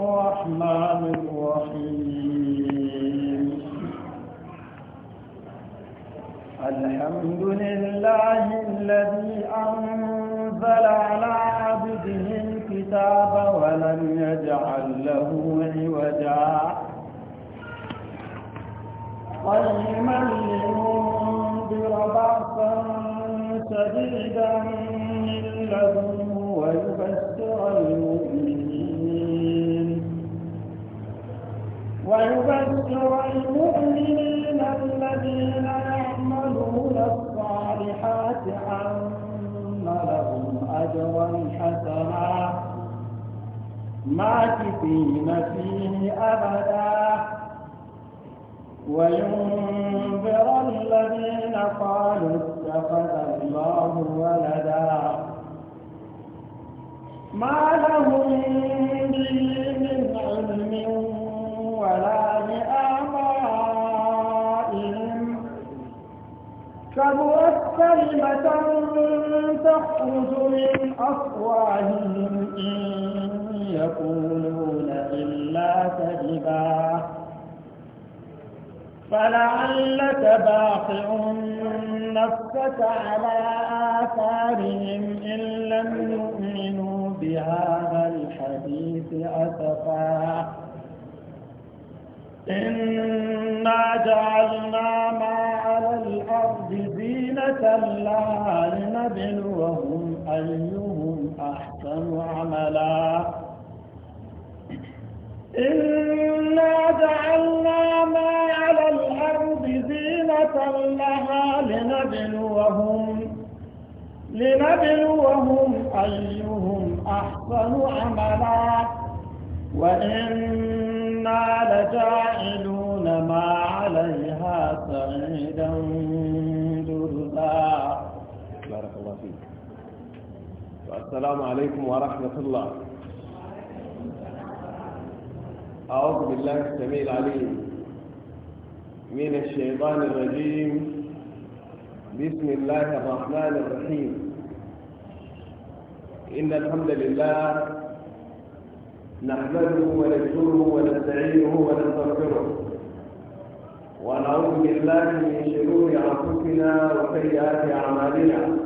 الرحمن الرحيم الحمد لله الذي أنزل على عبده الكتاب ولم يجعل له عوجا قيما لينذر بعثا شديدا من لدنه ويبشر المؤمنين ويذكر المؤمنين الذين يعملون الصالحات أن لهم أجرا حسنا ماكثين فيه أبدا وينذر الذين قالوا اتخذ الله ولدا ما لهم به من علم ولا لآبائهم كبرت كلمة تخرج من أفواههم إن يقولون إلا كذبا فلعلك باقع نفسك على آثارهم إن لم يؤمنوا بهذا الحديث أسفا إنا جعلنا ما على الأرض زينة لها لنبلوهم أيهم أحسن عملا إنا جعلنا ما على الأرض زينة لها لنبلوهم لنبلوهم أيهم أحسن عملا وإن السلام عليكم ورحمة الله أعوذ بالله السميع العليم من الشيطان الرجيم بسم الله الرحمن الرحيم إن الحمد لله نحمده ونشكره ونستعينه ونستغفره ونعوذ بالله من شرور أنفسنا وسيئات أعمالنا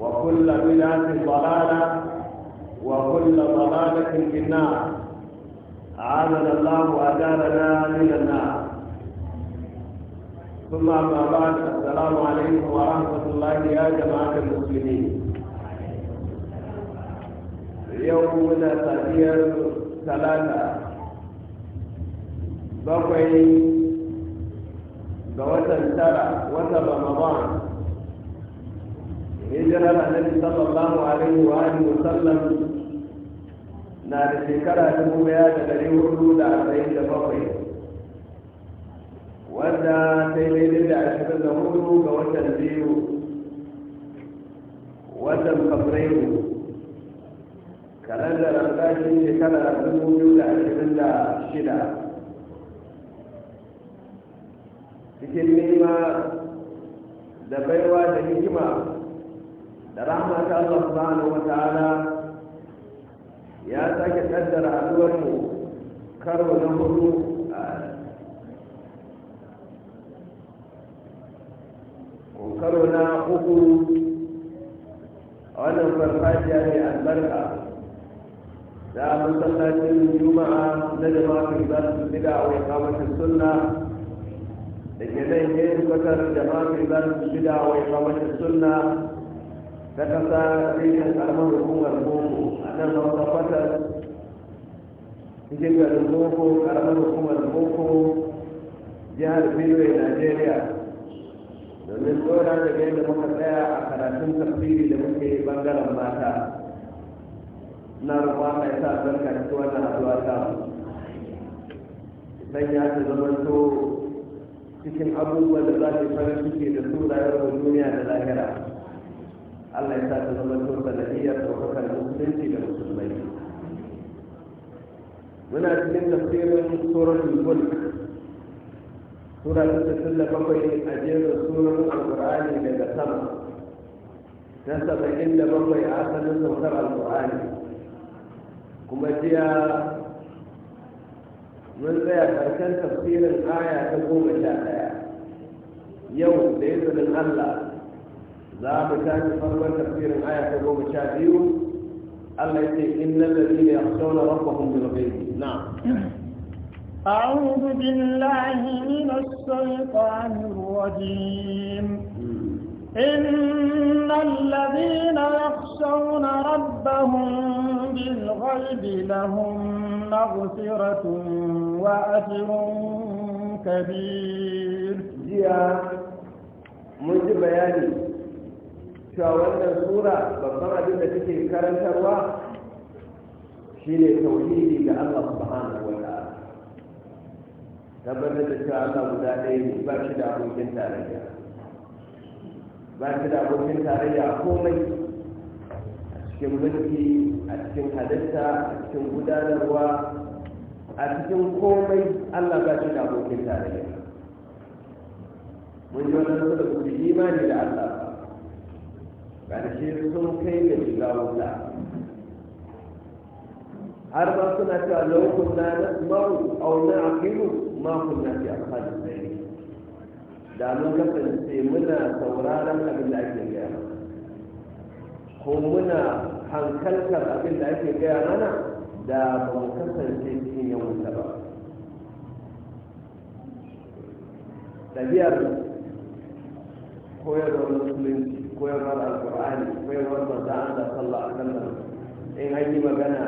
وكل بلاد ضلالة وكل ضلالة في النار أعاذنا الله وأجارنا من النار ثم أما بعد السلام عليكم ورحمة الله يا جماعة المسلمين اليوم من ثلاثة بقي بوتن ترى وتر رمضان hijirar annabi sallallahu alaihi wa alihi wa sallam na da shekara dubu daya da dari hudu da arba'in da bakwai Wanda sai yi daidai da ashirin da hudu ga watan biyu watan fabrairu kalandar albashi shekara dubu biyu da ashirin da shida cikin nema da baiwa da hikima da rahmat Allah subhanahu wa ta'ala ya sake kaddara haduwar mu karo na hudu karo na uku a wannan farfajiya mai albarka da masallacin juma'a na jama'ar su bida a wai kamashin sunna da ke zai yin kwatar jama'ar su bida a wai kamashin sunna ta kasa rikin karamar hukumar boko a nan wata fatar cikin garin boko karamar hukumar boko jihar benue nigeria domin tsora da yadda muka tsaya a karatun tafsiri da muke bangaren mata na roƙa mai sa barka cikin wannan haduwa ta dan ya ta zamanto cikin abubuwan da za ta fara ciki da su rayuwar duniya da lahira Allah ya sa ta zama to ta ɗaukakar musulunci da musulmai muna cikin tafsirin suratul mulk sura ta sittin da bakwai a jerin al alƙur'ani daga sama na saba'in da bakwai a asalin al alƙur'ani kuma jiya mun tsaya ƙarshen tafsirin aya ta goma sha ɗaya yau da izinin Allah za mu tashi farkon tafsirin aya ta goma sha biyu Allah ya ce innal ladina yakhshawna rabbahum bil ghaibi na'am أعوذ بالله من الشيطان الرجيم إن الذين يخشون ربهم بالغيب لهم مغفرة وأجر كبير يا من بياني cewa wannan sura babban abin da take karantarwa shi ne tauhidi ga Allah subhanahu wa ta'ala tabbatar da cewa Allah guda ɗaya ne ba shi da abokin tarayya ba shi da abokin tarayya komai a cikin mulki a cikin halitta a cikin gudanarwa a cikin komai Allah ba shi da abokin tarayya mun ji wannan sura da imani da Allah يعني شيء يكون كيف يجاوب لا أربعة سنة لو كنا نأمر أو نعقل ما كنا في أقل الزيني دعنا كفل سيمنا سورانا قبل أجل جاهنا قومنا حنكلك قبل أجل جاهنا دعنا كفل سيمنا يوم سبا تبيع طيب. خويا دولة سلينتي koyarwar alkur'ani koyarwar manzo Allah sallallahu alaihi wasallam in an yi magana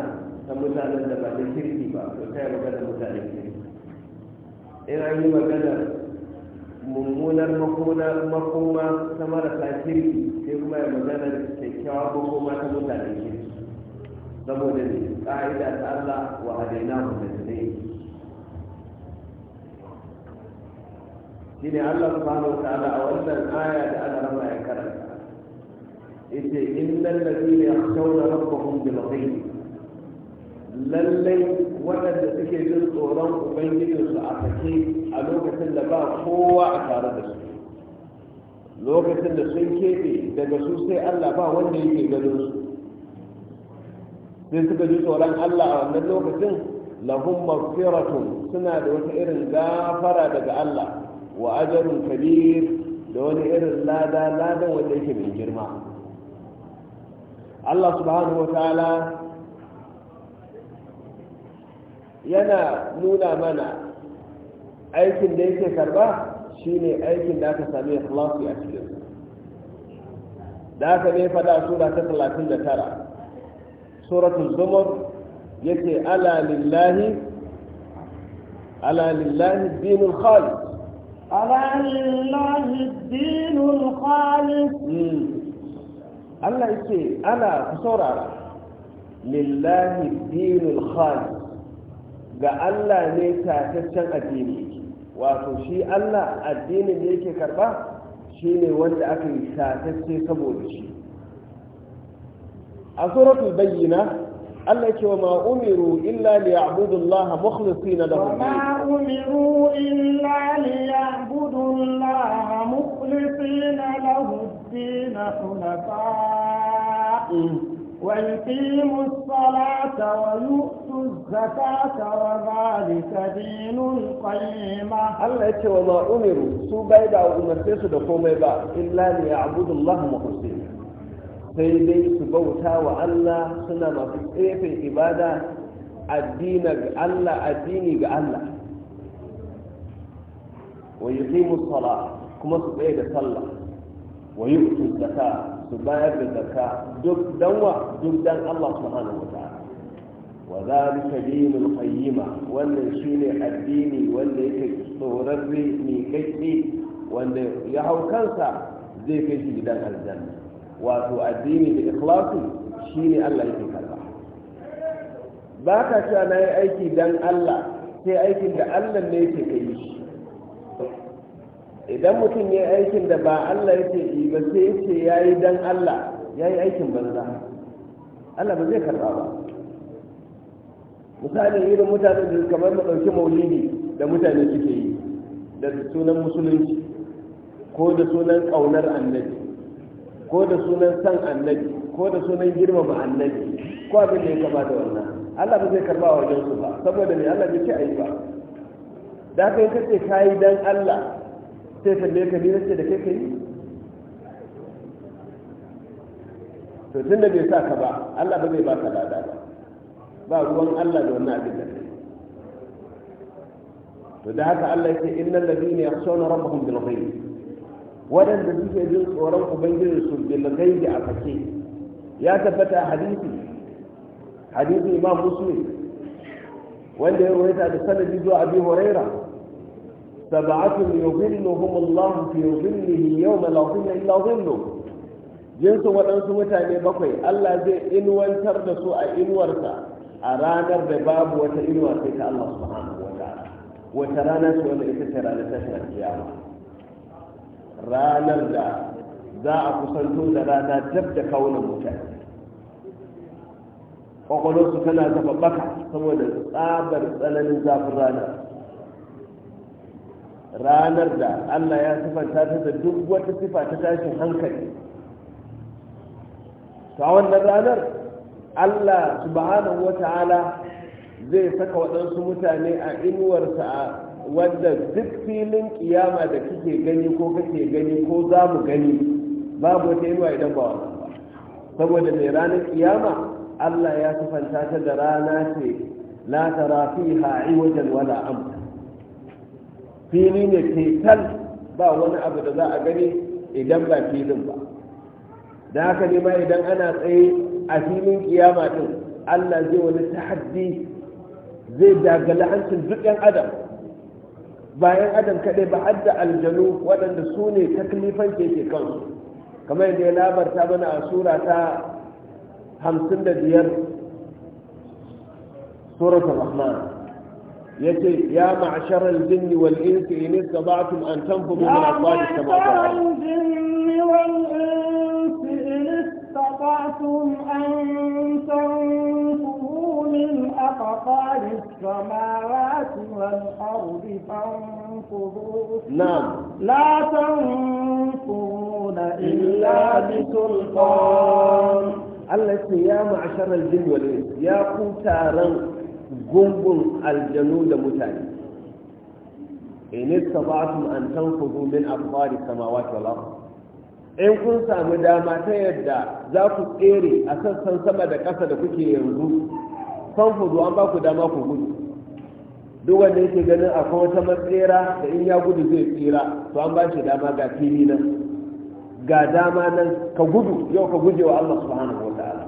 ta mutanen da ba da kirki ba to sai magana mutanen kirki in an yi magana mummunar makoma makoma ta marasa kirki sai kuma ya magana kyakkyawa makoma ta mutanen kirki saboda ne ka'ida ta Allah wa hadaina mutane shine Allah subhanahu wa ta'ala a wannan aya da Allah rama ya karanta yace innal ladina yakhshawna rabbahum bil ghaib lallai waɗanda suke jin tsoron ubangijinsu a sake a lokacin da ba kowa a tare da su lokacin da sun keɓe daga su sai allah ba wanda yake ganin su sai suka ji tsoron allah a wannan lokacin lahum maghfiratun suna da wata irin gafara daga allah wa ajarun kabir da wani irin lada ladan wanda yake mai girma Allah subhanahu wa ta'ala yana nuna mana aikin da yake karba shine aikin da aka sami ikhlasi a cikin da aka ne fada sura ta 39 suratul zumar yake ala lillahi ala lillahi dinul khalis ala lillahi dinul khalis Allah yake ana ku saurara lillahi dinul khalis ga Allah ne tataccen addini wato shi Allah addinin da yake karba shine wanda aka yi tatacce saboda shi a suratul bayyina Allah ce wa ma umiru illa li ya'budu Allah mukhlisina lahu din mm. ma umiru illa li ya'budu Allah mukhlisina lahu din hunafa ويقيموا الصلاة ويؤتوا الزكاة وذلك دين القيمة الله يتوى ما أمروا سوبا يدعوا أمرتسوا دقوم إلا ليعبدوا الله مخلصين sai dai su bauta wa Allah suna masu tsefin ibada addina ga Allah addini ga Allah wa yuqimu sala kuma su tsaye da sallah wa yuqtu zakka su bayar da zakka duk danwa duk dan Allah subhanahu wa ta'ala wa zalika dinul qayyima wannan shine addini wanda yake tsorarre mai kai wanda ya hau kansa zai kai shi gidan aljanna wato addini da ikhlasi shine Allah yake karba ba ka cewa na yi aiki dan Allah sai aikin da Allah ne yake kai shi idan mutum ya yi aikin da ba Allah yake yi ba sai yace ya yi dan Allah ya yi aikin banza Allah ba zai karba ba misali irin mutane da kamar mu ɗauki maulidi da mutane suke yi da sunan musulunci ko da sunan ƙaunar annabi ko da sunan san annabi ko da sunan girmama annabi ko abin da ya kama da wannan Allah ba zai karba wa wajen su ba saboda me Allah bai ce ayi ba da haka in kace kayi dan Allah sai ka me ka ni nace da kai kai to tunda bai sa ka ba Allah ba zai ba ka lada ba ba ruwan Allah da wannan abin da kai to da haka Allah yake innal ladina yakhshawna rabbahum bil ghaib waɗanda suke jin tsoron ubangiji su bilgai da a sake ya tabbata hadisi hadisi imam muslim wanda ya rawaita da sanadi zuwa abi huraira sab'atun yuzilluhum Allah fi yuzillihi yawma la dhilla illa dhilluh jinsin waɗansu mutane bakwai Allah zai inuwantar da su a inuwarsa a ranar da babu wata inuwa sai ta Allah subhanahu wa ta'ala wata rana ce wanda ita ce ranar tashin kiyama ranar da za a kusanto da rana dab da kawunan mutane kwakwalwarsu tana ɓaka saboda tsabar tsananin zafin rana ranar da allah ya sifanta ta da duk wata sifa ta tashin hankali ta wannan ranar allah subhanahu wa ta'ala zai saka waɗansu mutane a inuwarsa a wanda duk filin kiyama da kike gani ko kake gani ko za mu gani babu wata yiwa idan ba wannan ba saboda mai ranar kiyama Allah ya sufanta ta da rana ce la rafi fiha wajen wala amta fili ne tetal ba wani abu da za a gani idan ba filin ba da haka ne ma idan ana tsaye a filin kiyama din Allah zai wani tahaddi zai dagala hancin duk 'yan adam bayan adam kaɗai ba hadda aljanu waɗanda su ne taklifan ke ke kansu kamar yadda ya labarta mana a sura ta hamsin da biyar surat rahman ya ce ya ma'ashar aljinni wal insi in istata'tum an tanfudu min aqwali samawati wal insi in istata'tum an tanfudu خلق السماوات والأرض فانفضوا نعم لا إلا بسلطان يا معشر الجن والإنس يا gungun da mutane in istata'tum in kun samu dama ta yadda za ku tsere a sassan sama da ƙasa da kuke yanzu fanfudu an ba ku dama ku gudu duk wanda yake ganin akwai wata matsera da in ya gudu zai tsira to an ba shi dama ga fili nan ga dama nan ka gudu yau ka guje wa Allah subhanahu wa ta'ala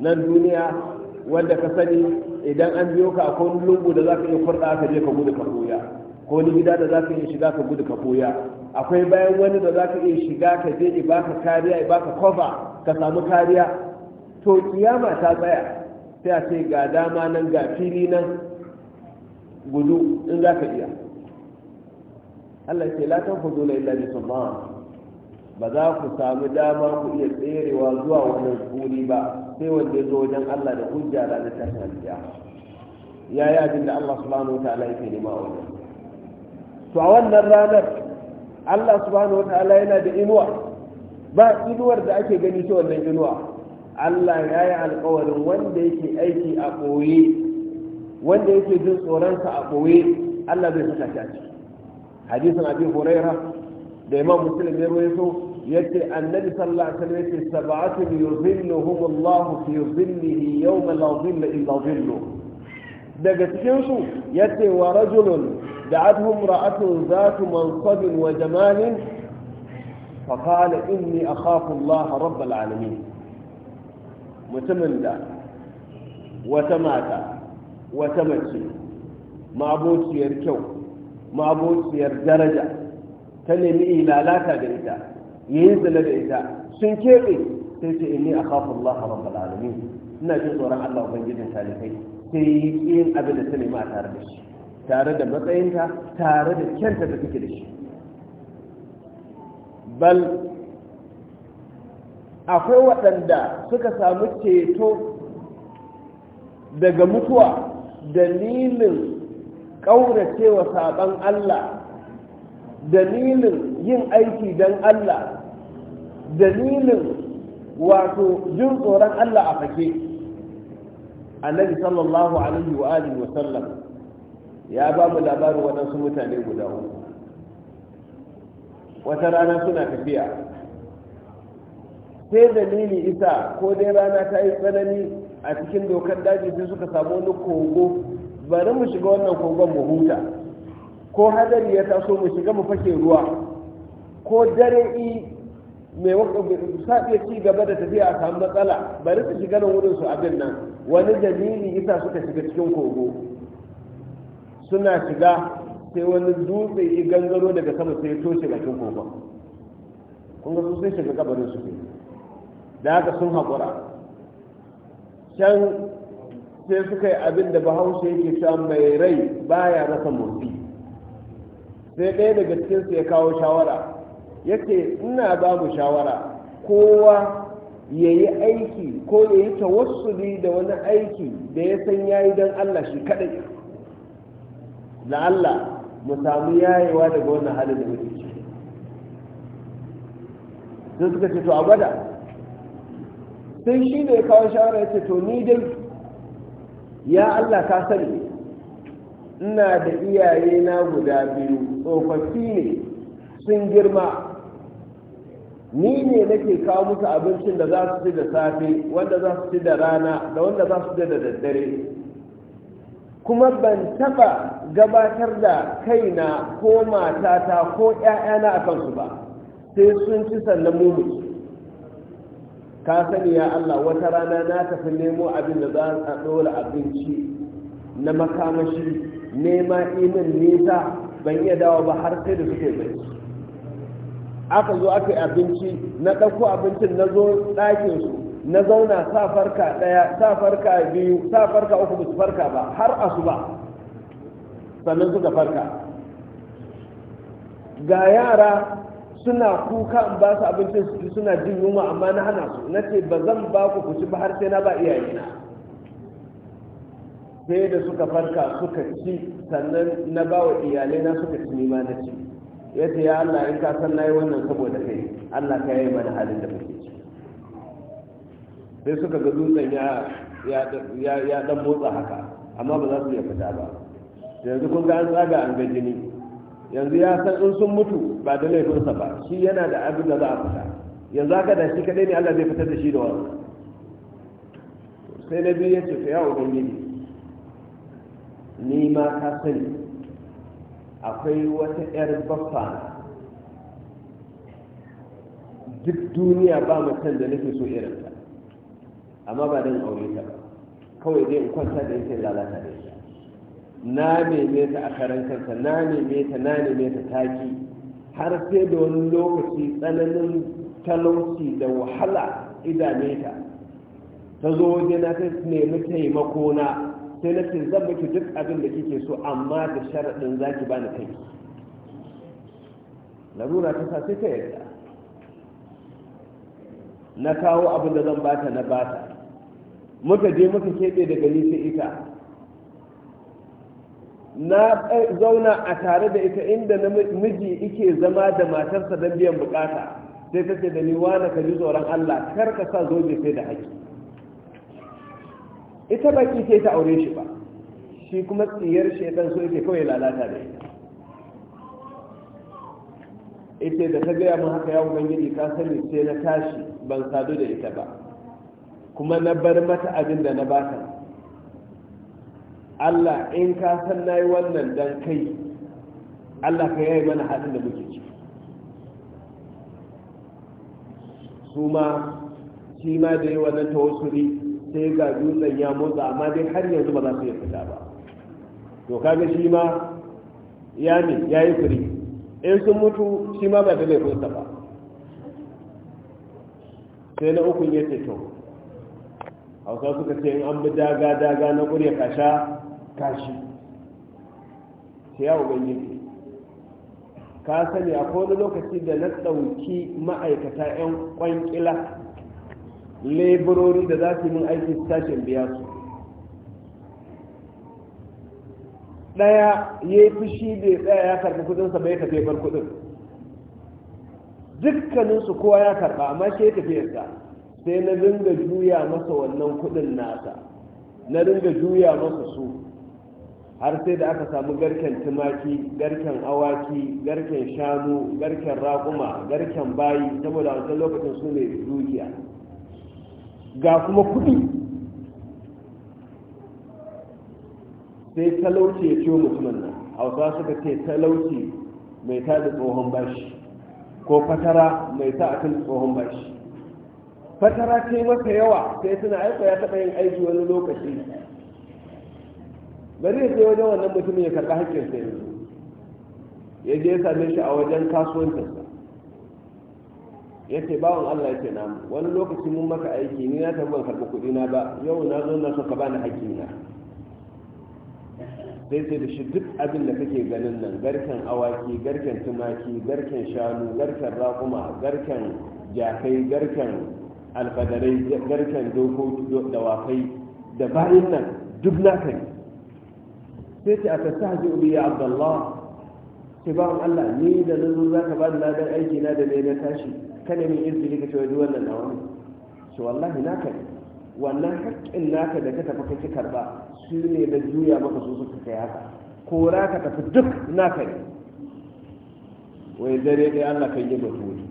nan duniya wanda ka sani idan an biyo ka akwai wani lungu da za ka iya kurɗa ka je ka gudu ka koya ko wani gida da za ka iya shiga ka gudu ka koya akwai bayan wani da za ka iya shiga ka je i baka kariya i baka kofa ka samu kariya to kiyama ta tsaya sai a ce ga dama nan ga fili nan gudu in za ka iya Allah ce la tan fudu la illa bisulman ba za ku samu dama ku iya tserewa zuwa wani guri ba sai wanda ya zo wajen Allah da hujja da tashin alƙiyama ya yi abin da Allah subhanahu wa ta'ala yake nema wajen to a wannan ranar Allah subhanahu wa ta'ala yana da inuwa ba inuwar da ake gani ta wannan inuwa Allah ya yi alkawarin wanda yake aiki a ɓoye wanda yake jin tsoronsa a ɓoye Allah zai saka shi a ciki hadisin abi huraira da imam muslim ya rawaito yace annabi sallallahu alaihi wasallam yace sab'atun yuzilluhum Allah fi zillihi yawma la zilla illa zillu daga cikin su yace wa rajulun da'atuhum ra'atun zatu mansabin wa jamalin فقال inni أخاف الله رب العالمين mutumin da wata mata wata mace mabociyar kyau mabociyar daraja ta nemi ilalata da ita yin zina da ita sun keɓe sai ce inni a kafin Allah rabbal alamin ina jin tsoron Allah ubangijin talibai sai yi yin abin da ta nema a tare da shi tare da matsayinta tare da kyanta da take da shi bal akwai waɗanda suka samu ceto daga mutuwa dalilin ƙauracewa saɓon Allah dalilin yin aiki don Allah dalilin wato jin tsoron Allah a fake annabi sallallahu alaihi wa alihi wa sallam ya ba mu labarin waɗansu mutane guda uku wata rana suna tafiya sai dalili isa ko dai rana ta yi tsanani a cikin dokar daji sai suka samu wani kogo bari mu shiga wannan kogon mu huta ko hadari ya taso mu shiga mu fake ruwa ko dare i mai safiya ci gaba da tafiya a samu matsala bari su shiga nan wurin su abin nan wani dalili isa suka shiga cikin kogo suna shiga sai wani dutse ya gangaro daga sama sai ya toshe bakin kogon kun ga shiga kabarin su ke da haka sun haƙura can sai suka yi abin da bahaushe yake cewa mai rai baya rasa murfi sai ɗaya daga cikinsu ya kawo shawara ya ce ina ba mu shawara kowa ya yi aiki ko ya yi tawassuli da wani aiki da ya san ya yi don allah shi kaɗai allah mu samu yayewa daga wannan halin da muke ciki sai suka ce to a gwada sai shi ne kawo shawara ya ce to ni dai ya Allah ka sani ina da iyaye na guda biyu tsofaffi ne sun girma ni ne nake kawo musu abincin da za su ci da safe wanda za su ci da rana da wanda za su ci da daddare kuma ban taba gabatar da kaina ko matata ko 'ya'yana a kansu ba sai sun ci sannan mu ka sani ya Allah wata rana na tafi nemo abin da za a ɗora abinci na makamashi nema imin nisa ban iya dawo ba har sai da suke bai aka zo aka yi abinci na ɗauko abincin na zo ɗakin na zauna sa farka ɗaya sa farka biyu sa farka uku ba su farka ba har ba sannan suka farka ga yara suna kuka in ba su abincin su suna jin yunwa amma na hana su na ce ba zan ba ku kuci ba har sai na ba iyaye na sai da suka farka suka ci sannan na ba wa na suka ci nima na ci ya ce ya Allah in ka san na yi wannan saboda kai Allah ka yi mana halin da muke ci sai suka ga dutsen ya dan motsa haka amma ba za su iya fita ba yanzu kun ga an tsaga an ga jini yanzu ya san in sun mutu ba da laifinsa ba shi yana da abin da za a fita yanzu haka da shi kadai ne Allah zai fitar da shi da wani sai na biyu ya ce ya ubangiji ni ma ka sani akwai wata 'yar baffa duk duniya ba mutum da nake so irinta amma ba don aure ta ba kawai dai in kwanta da yake lalata da shi na neme ta a karan kansa na neme ta na neme ta taki har sai da wani lokaci tsananin talauci da wahala idame ta ta zo na ta nemi taimako na sai na ce zan miki duk abin da kike so amma da sharaɗin za ki bani kai larura ta sa sai ta yarda na kawo abin da zan bata na bata muka je muka keɓe daga nisa ita na eh, zauna a tare da ita inda miji ike zama da matarsa don biyan bukata sai ta ce da ni wane ka ji tsoron Allah kar ka sa zobe sai da haƙi ita baki ce ta aure shi ba shi kuma tsiyar shaitan so yake kawai lalata da ita ita da ta gaya mun haka ya ubangiji ka sani sai na tashi ban sadu da ita ba kuma na bar mata abin da na bata Allah in ka san na yi wannan dan kai Allah ka yayi mana haɗin da muke ci. su ma shi ma da yi wannan ri sai ga dutsen ya motsa amma dai har yanzu ba za su yi fita ba to kaga shi ma ya ne ya yi firi in sun mutu shi ma ba da laifinsa ba sai na ukun ya ce to hausa suka ce in an bi daga daga na ƙurya kasha kashi sai ya ubangiji ka sani a wani lokaci da na ɗauki ma'aikata 'yan ƙwanƙila laborori da za su yi min aiki sashen biya su ɗaya ya yi fushi da ya tsaya ya karɓi kudinsa bai tafi bar kudin dukkaninsu kowa ya karɓa amma shi ya yadda sai na dinga juya masa wannan kudin nasa na dinga juya masa su har sai da aka samu garken tumaki garken awaki garken shanu garken raƙuma garken bayi saboda wancan lokacin su ne dukiya ga kuma kuɗi sai talauci ya ciwo mutumin nan hausa suka ce talauci mai ta da tsohon bashi ko fatara mai ta a kan tsohon bashi fatara ce masa yawa sai suna aiko ya taɓa yin aiki wani lokaci bari ya je wajen wannan mutumin ya karɓi hakkin sai ya je ya same shi a wajen sa ya ce bawan Allah ya ce na wani lokaci mun maka aiki ni na ban karɓi kuɗi na ba yau na zo na so ka bani hakki na sai sai da shi duk abin da kake ganin nan garken awaki garken tumaki garken shanu garken raƙuma garken jakai garken alfadarai garken dokoki dawakai da bayan nan duk na kai sai ce a tattaji ubi ya abdallah sai ba Allah ni da zuzu za ka ba da ladar aiki na da na tashi kada min izini ka cewa wannan nawa ne ce wallahi naka ne wannan haƙƙin naka da ka tafi kake karɓa su ne da juya maka su suka kai haka kora ka tafi duk naka ne wai dare dai Allah kan yi mutu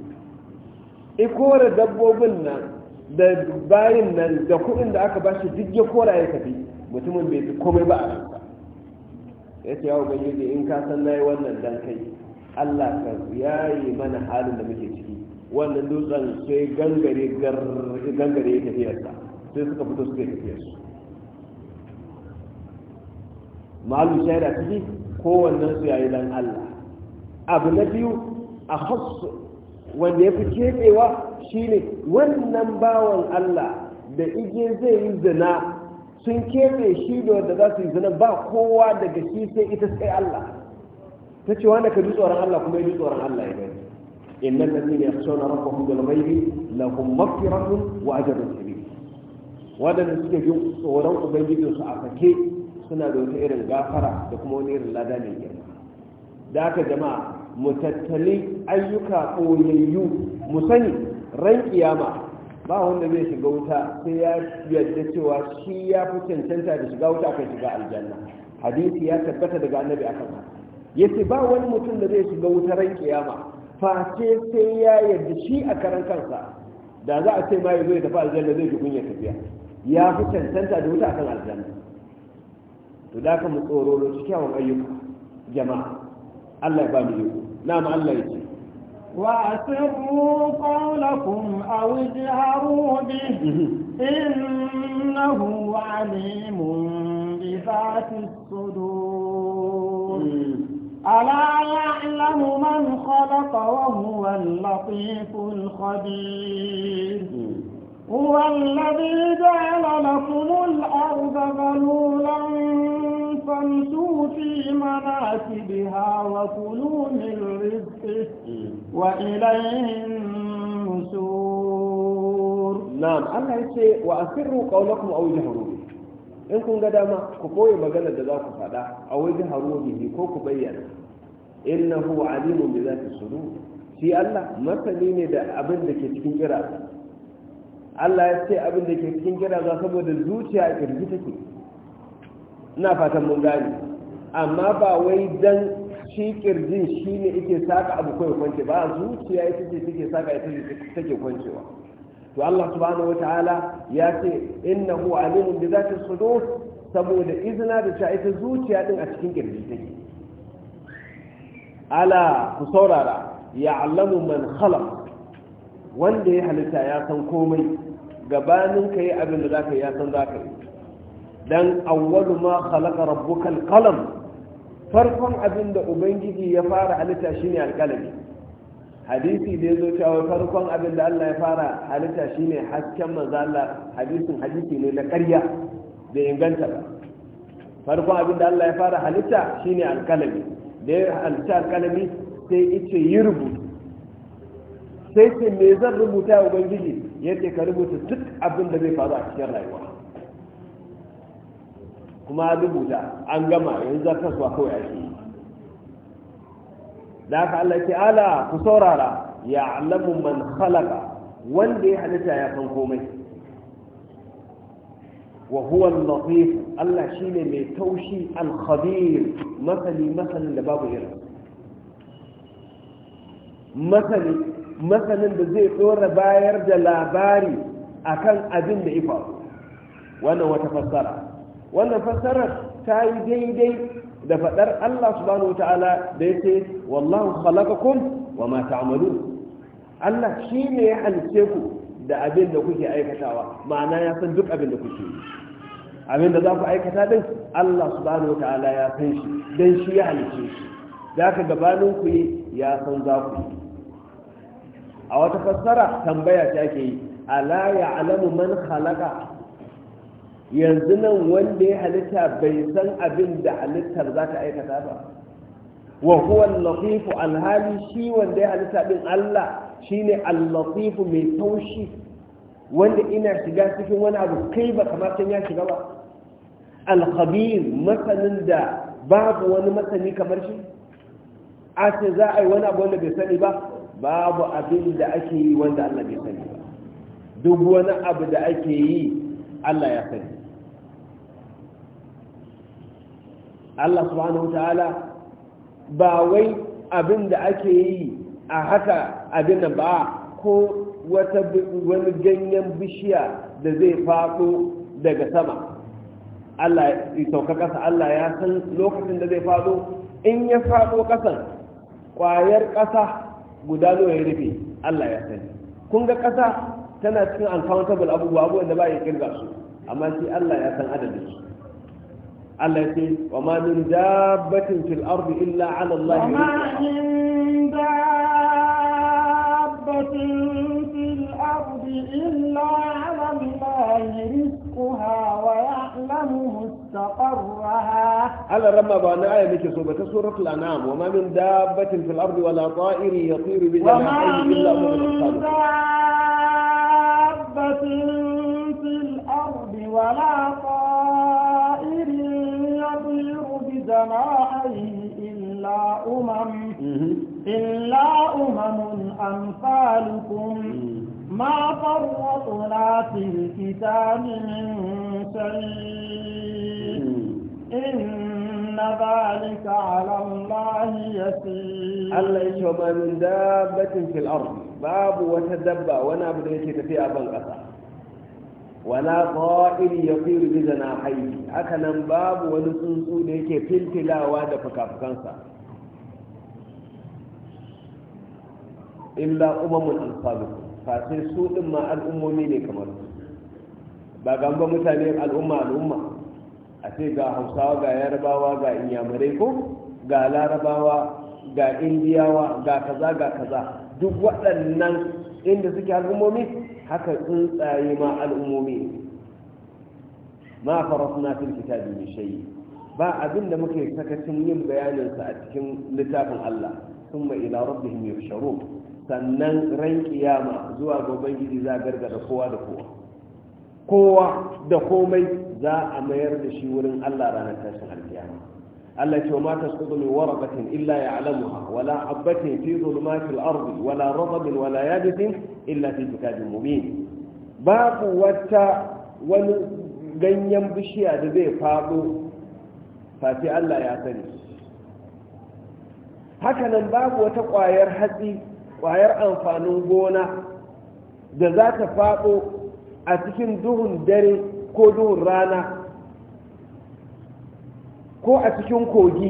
i kora dabbobin nan da bayin nan da kuɗin da aka ba shi duk ya kora ya tafi mutumin bai komai ba a nan ya ce ya ne in ka san na yi wannan dan kai allah ka yi mana halin da muke ciki wannan dutsen sai gangare gangare ya tafiyarsa sai suka fito suka tafiyarsu malu shaida ciki kowannen su yayi dan allah abu na biyu a hassu wanda ya fi keɓewa shine wannan bawan allah da ije zai yi zina sun kebe shi da wanda za su yi zina ba kowa daga shi sai ita sai Allah ta ce wanda ka ji tsoron Allah kuma ya ji tsoron Allah ya gani inna allazina yakhshawna maibi na ghaibi mafi rafin wa ajrun kabir wadanda suke bi tsoron ubangijin su a sake suna da wata irin gafara da kuma wani irin lada mai girma da aka jama'a mu tattali ayyuka koyayyu mu sani ran kiyama ba wanda zai shiga wuta sai ya yarda cewa shi ya fi cancanta da shiga wuta akan shiga aljanna hadisi ya tabbata daga annabi akan haka yace ba wani mutum da zai shiga wuta ran kiyama face sai ya yarda shi a karan kansa da za a ce ma ya zo ya tafi aljanna zai shigun ya tafiya ya fi cancanta da wuta akan aljanna to da ka mu tsororo cikin ayyuka jama'a Allah ya ba mu iko na Allah ya ce وأسروا قولكم أو اجهروا به إنه عليم بذات الصدور ألا يعلم من خلق وهو اللطيف الخبير هو الذي جعل لكم الأرض ذلولا فامشوا في مناكبها وكلوا من الرزق وإليه النشور نعم الله يسي وأسروا قولكم أو جهروا به إن ku faɗa كقوي مجالا جزاك ko أو bayyana. به كوك بيانا إنه عليم بذات الصدور shi Allah masani ne da abin da ke cikin kira Allah ya ce abin da ke cikin kira za saboda zuciya a kirji take ina fatan mun gane amma ba wai dan shi kirjin shi ne ike saka abu kawai kwance ba zuciya ita ce take saka ita ce take kwancewa to Allah subhanahu ta'ala ya ce innahu alimun bi zati sudur saboda izina da ta ita zuciya din a cikin kirji take ala ku saurara ya'lamu man khalaq wanda ya halitta ya san komai gabanin ka yi abin da zaka yi ya san zaka yi dan awwalu ma khalaqa rabbuka al-qalam farkon abin da ubangiji ya fara halitta shine alƙalami hadisi da ya zo cewa farkon abin da Allah ya fara halitta shine hasken manzo Allah hadisin hadisi ne na ƙarya da inganta ba farkon abin da Allah ya fara halitta shine alƙalami da ya halitta alƙalami sai ice yi rubutu sai ce me zan rubuta ubangiji yace ka rubuta duk abin da zai faru a cikin rayuwa kuma rubuta an gama yanzu za kasuwa kawai ake yi da haka Allah ala ku saurara ya alamu man khalaqa wanda ya halitta ya san komai wa huwa al-latif Allah shine mai taushi al-khabir masali masalin da babu irin masali masalin da zai tsora bayar da labari akan abin da ya faru wannan wata fassara wannan fassarar ta yi daidai da faɗar Allah subhanahu wa ta'ala da yake wallahu khalaqakum wa ma ta'malun Allah shi ne ya halice ku da abin da kuke aikatawa ma'ana ya san duk abin da kuke yi abin da za ku aikata din Allah subhanahu wa ta'ala ya san shi dan shi ya halice shi da ka gabanin ku ya san za ku yi a wata fassara tambaya ta ke yi ala ya'lamu man khalaqa yanzu nan wanda ya halitta bai san abin da halittar za ta aikata ba wa huwa al-latifu alhali shi wanda ya halitta din Allah shine al-latifu mai taushi wanda ina shiga cikin wani abu kai ba kamar ya shiga ba al-khabir masanin da babu wani masani kamar shi a ce za a yi wani abu wanda bai sani ba babu abin da ake yi wanda Allah bai sani ba duk wani abu da ake yi Allah ya sani Allah subhanahu ta'ala ba wai abin da ake yi a haka abin nan ba ko wata wani ganyen bishiya da zai faɗo daga sama Allah ya sauka ƙasa Allah ya san lokacin da zai faso in ya faso ƙasan ƙwayar ƙasa guda nawa ya rufe Allah ya sani kun ga ƙasa tana cikin uncountable abubuwa abubuwan da ba ya kirga su amma shi Allah ya san adadin su Allah ce wa ma min dabbatin fil ardi illa ala Allah wa ma min dabbatin fil ardi illa ala Allah rizquha wa ya'lamu mustaqarraha Allah ramma ba na aya nake so ba ta suratul an'am wa ma min dabbatin fil ardi wala ta'irin yatiru bi janahihi illa huwa dabbatin fil ardi wala ta'irin جناحيه إلا أمم إلا أمم أمثالكم ما فرطنا في الكتاب من شيء إن ذلك على الله يسير الله يشهد من دابة في الأرض باب وتدبى وانا بدأت في أبا الأسر wala ta'ir yaqir bi janahihi haka nan babu wani tsuntsu da yake filfilawa da fukafukansa illa umamul amsalukum fa sai su din ma al'ummomi ne kamar su ba ga ba mutane al'umma al'umma a ce ga hausawa ga yarbawa ga inyamurai ko ga larabawa ga indiyawa ga kaza ga kaza duk waɗannan inda suke al'ummomi haka tsuntsaye ma al'ummomi ma farasna fil kitabi min shay ba abin da muke sakacin yin bayanin sa a cikin littafin Allah thumma ila rabbihim yuhsharun sannan ran kiyama zuwa ga ubangiji za gargada kowa da kowa kowa da komai za a mayar da shi wurin Allah ranar tashin alƙiyama Allah ce ma tasqutu min waraqatin illa ya'lamuha wala habatin fi dhulumatil ardi wala ratabin wala yabisin illa fi kitabin mubin babu wata wani ganyen bishiya da zai faɗo fati Allah ya sani hakanan babu wata ƙwayar hatsi ƙwayar amfanin gona da za ta faɗo a cikin duhun dare ko duhun rana ko a cikin kogi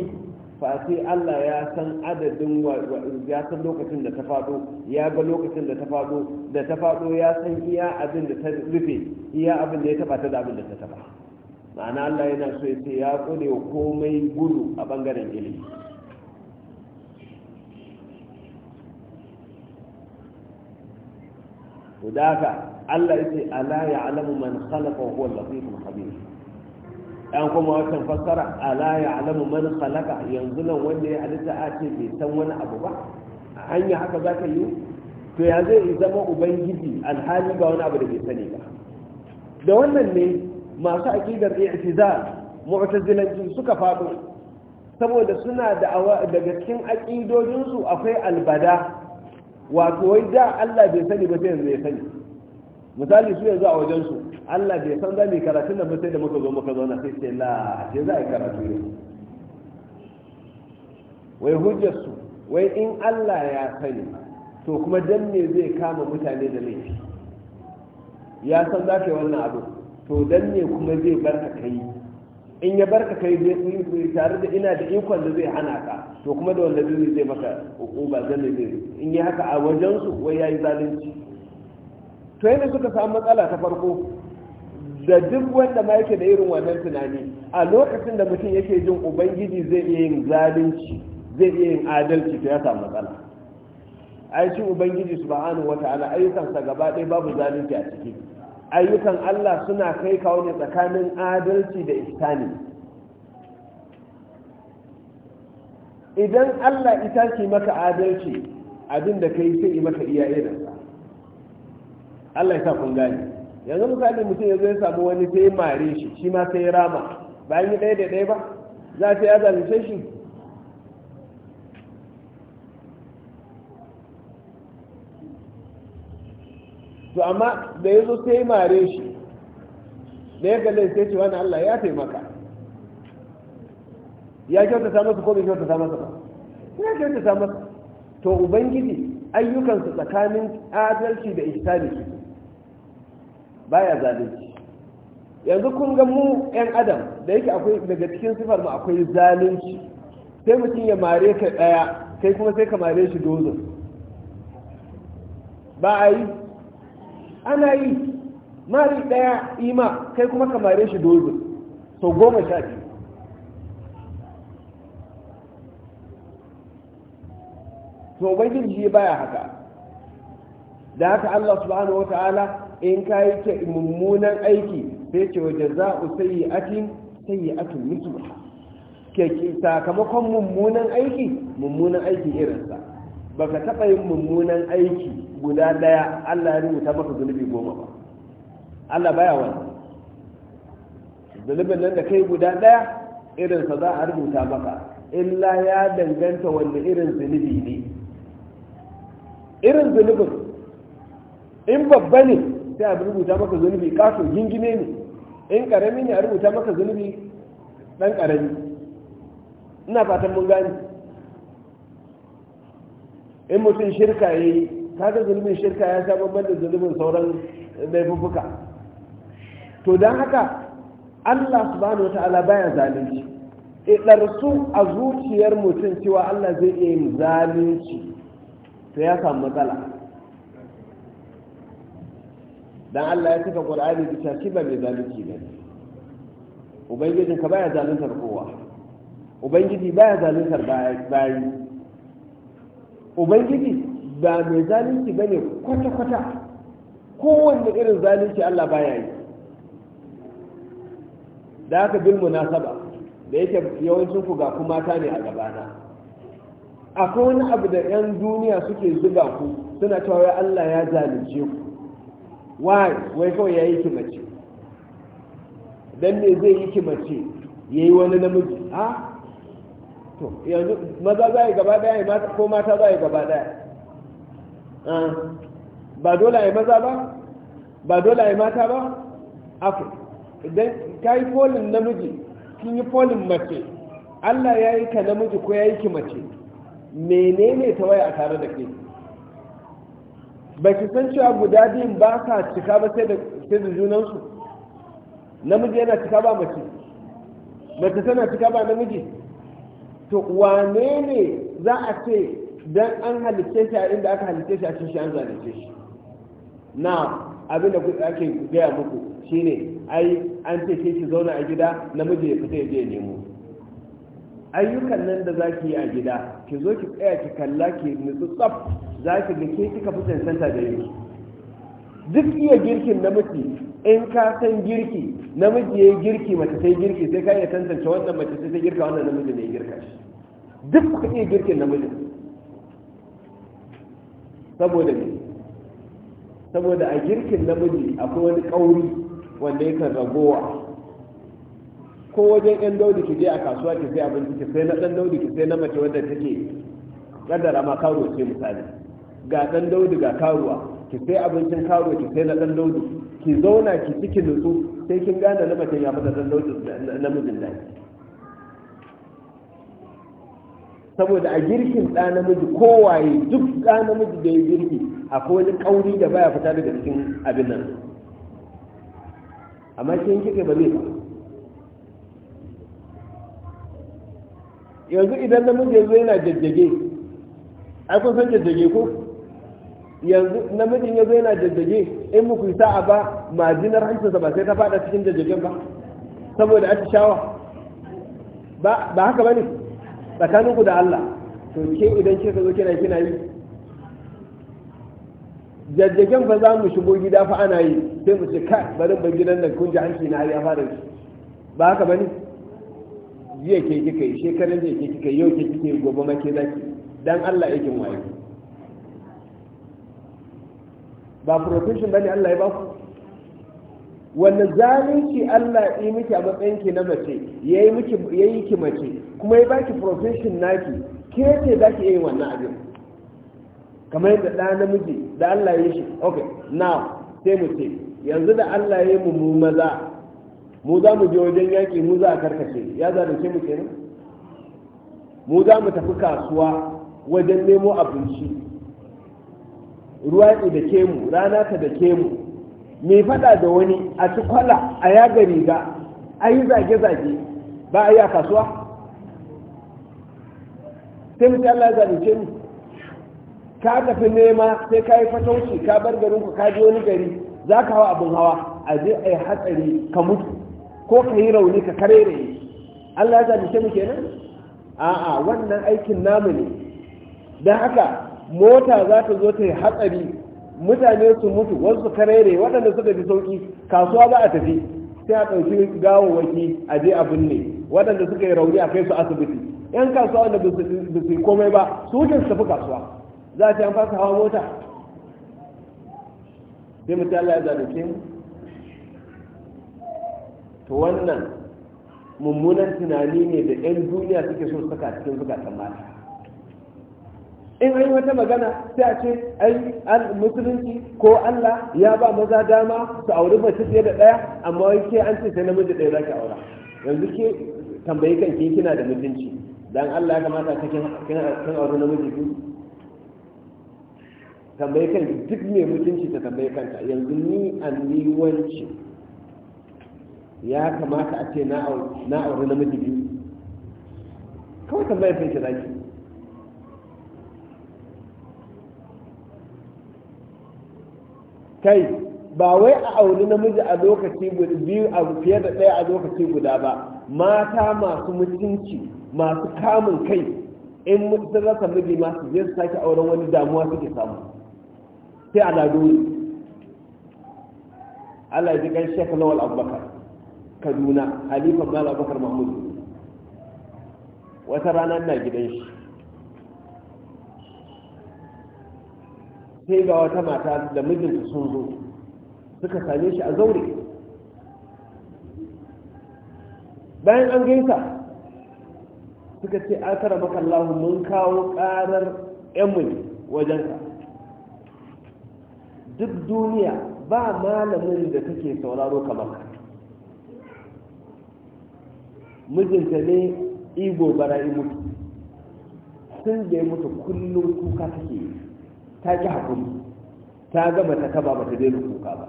fa sai Allah ya san adadin ya san lokacin da ta fado ya ga lokacin da ta fado da ta fado ya san iya abin da ta rufe iya abin da ya taba ta da abin da ta taba ma'ana Allah yana so ya ce ya kone komai gudu a bangaren ilimi to da haka Allah ya ce ala ya'lamu man khalaqa wa huwa al al khabir an kuma watan fassara ala ya alamu man khalaqa yanzu nan wanda ya halitta a ce bai san wani abu ba a hanya haka za ka yi to ya zai zama ubangiji alhali ba wani abu da bai sani ba da wannan ne masu aqidar i'tizal mu'tazilanci suka faɗo saboda suna da daga cikin aƙidodinsu akwai albada wato wai da Allah bai sani ba sai yanzu ya sani misali su yanzu a wajen su. Allah bai san za mu yi karatun da sai da muka zo muka na sai ce la je za a karatu yau wai hujjarsu wai in Allah ya sani to kuma dan ne zai kama mutane da laifi ya san za ka yi wannan abu to dan ne kuma zai bar ka kai in ya bar ka kai zai tare da ina da ikon da zai hana ka to kuma da wanda zai zai maka uba zan zai in yi haka a wajensu wai ya yi zalunci to yadda suka samu matsala ta farko da duk wanda ma yake da irin wannan tunani a lokacin da mutum yake jin ubangiji zai iya yin zalunci zai iya yin adalci to ya samu matsala ai shi ubangiji subhanahu wataala ayyukansa gaba ɗaya babu zalunci a ciki ayyukan Allah suna kai kawo ne tsakanin adalci da ihsani idan Allah ita ce maka adalci abin da kai sai maka iya irinsa Allah ya sa kun gane yanzu misali mutum ya zo ya samu wani sai mare shi shi ma sai rama bayan yi ɗaya da ɗaya ba za ta ya zalunce shi to amma da ya zo sai mare shi da ya galle sai ce wani Allah ya taimaka ya kyautata masa ko bai kyautata masa ba ya kyautata masa to ubangiji ayyukansu tsakanin adalci da ihsani baya zalunci yanzu kun ga mu 'yan adam da yake akwai daga cikin sifar mu akwai zalunci sai mutum ya mare ka ɗaya kai kuma sai ka mare shi dozin ba a yi ana yi mari ɗaya ima kai kuma ka mare shi dozin so goma sha biyu to ubangiji baya haka da haka Allah subhanahu wa ta'ala in ka yi mummunan aiki sai ce waje za a sayi atin sayi atin ke sakamakon mummunan aiki mummunan aiki irinsa baka taɓa yin mummunan aiki guda ɗaya allah ya rubuta maka zunubi goma ba allah baya wani zunubin nan da kai guda ɗaya irinsa za a rubuta maka illa ya danganta wanda irin zunubi ne irin zunubin in babba ne sai a rubuta maka zunubi kaso jingine ne in karami ne a rubuta maka zunubi dan karami ina fatan mun gani in mutum shirka ya yi kaga zunubin shirka ya sha babban da zunubin sauran laifuffuka to don haka allah subhanahu wa ta'ala baya zalunci idarsu e, a zuciyar mutum cewa allah zai iya yin zalunci to ya samu matsala dan Allah ya cika Qur'ani bi shi ba mai zalunci ba Ubangiji ka baya zaluntar kowa ubangiji baya zaluntar bayi ubangiji ba mai zalunci bane kwata-kwata kowanne irin zalunci Allah baya yi da haka bil munasaba da yake yawancin ku ga ku mata ne a gabana akwai wani abu da 'yan duniya suke zuga ku suna cewa Allah ya zalunce ku wani wai kawai ya yi ki mace dan ne zai yi ki mace ya yi wani namiji ha to yanzu maza za yi gaba daya ko mata za yi gaba daya ba dole a yi maza ba ba dole a yi mata ba afu idan ka yi folin namiji kin yi folin mace allah ya yi ka namiji ko ya yi ki mace menene ta waya a tare da kai ba san cewa guda biyun ba sa cika ba sai da junansu namiji yana cika ba mace mace tana cika ba namiji to wane ne za a ce dan an halitta shi a inda aka halitta shi a cikin shi an shi na abinda ake gaya muku shine ai an ce ke zauna a gida namiji ya fita ya je nemo ayyukan nan da zaki yi a gida ki zo ki tsaya ki kalla ki nutsu tsaf zaki ga ke kika fi cancanta da yanki duk iya girkin namiji in ka san girki namiji ya girki mace sai girki sai ka iya tantance wannan mace sai ta girka wannan namiji ne ya girka shi duk kuka iya girkin namiji saboda ne saboda a girkin namiji akwai wani kauri wanda yake ragowa ko wajen yan daudi ki je a kasuwa ki sai abinci ki sai na dan daudi ki sai na mace wanda take kaddara ma karo ce misali ga dan daudi ga karuwa ki sai abincin karo ki sai na dan daudi ki zauna ki ciki nutsu sai kin gane na mace ya mata dan daudi namijin da saboda a girkin ɗa namiji kowaye duk ɗa namiji da ya girki akwai wani kauri da baya fita daga cikin abin nan amma kin kike ba zai ba yanzu idan namiji yanzu yana jajjage ai kun san jajjage ko yanzu namijin yanzu yana jajjage in muku yi sa'a ba majinar hancinsa ba sai ta fada cikin jajjagen ba saboda atishawa ba haka ba ne tsakaninku da Allah to ke idan ke ka zo kina kina yi jajjagen fa za mu shigo gida fa ana yi sai mu ce ka bari ban gidan nan kun ji hanci na har ya fara ba haka ba ne jiya ke kika yi shekaran jiya ke kika yau ke kika yi gobe ma ke zaki dan Allah aikin waye ba profession bane Allah ya ba ku wanda zalunci Allah yi miki a matsayin ki na mace yayi miki yayi ki mace kuma ya baki profession naki ke ce zaki yi wannan abin kamar yadda da namiji da Allah ya shi okay now sai mu ce yanzu da Allah ya yi mu maza mu za mu je wajen yaƙi mu za a karkace ya zalunce mu kenan mu za mu tafi kasuwa wajen nemo abinci ruwa ya da ke mu rana ta da ke mu mai fada da wani a ci kwala a yaga riga a yi zage-zage ba a yi a kasuwa sai mu Allah ya zalunce mu ka tafi nema sai ka yi fatauci ka bar garinku ka je wani gari za ka hawa abin hawa a je a yi hatsari ka mutu ko ka yi rauni ka karere Allah ya zalunce mu kenan a'a wannan aikin namu ne don haka mota za ta zo ta yi hatsari mutane su mutu wasu karere waɗanda suka fi sauƙi kasuwa za a tafi sai a ɗauki gawawaki a je a binne waɗanda suka yi rauni a kai su asibiti yan kasuwa wanda ba su yi komai ba su wuce su tafi kasuwa za a ce an fasa hawa mota sai mutum Allah ya zalunce mu to wannan mummunan tunani ne da 'yan duniya suke so saka cikin zukatan tsammani. in an yi wata magana sai a ce ai musulunci ko Allah ya ba maza dama su auri mace fiye da ɗaya amma wai ke an ce sai namiji ɗaya zaki aura yanzu ke tambayi kan ke kina da mutunci dan Allah ya kamata ka kin auri namiji biyu tambayi kan duk mai mutunci ta tambayi kanta yanzu ni an ni wance ya kamata a ce na aure namiji biyu kawai ta sai shi zaki kai ba wai a auri namiji a lokaci guda biyu a fiye da ɗaya a lokaci guda ba mata masu mutunci masu kamun kai in sun rasa miji masu je su sake auren wani damuwa suke samu sai a ladu Allah ya ji kan shekalawar abubakar kaduna halifan mala bakar mahmud wata rana na gidan shi sai ga wata mata da mijinta sun zo suka same shi a zaure bayan an gaisa suka ce an kara makallahu mun kawo karar yanmu ka. duk duniya ba malamin da take sauraro kamar ka mijinta ne igbo bara yi mutu sun da ya mutu kullum kuka take yi ta ki hakuri ta gama ta kaba ba ta daina kuka ba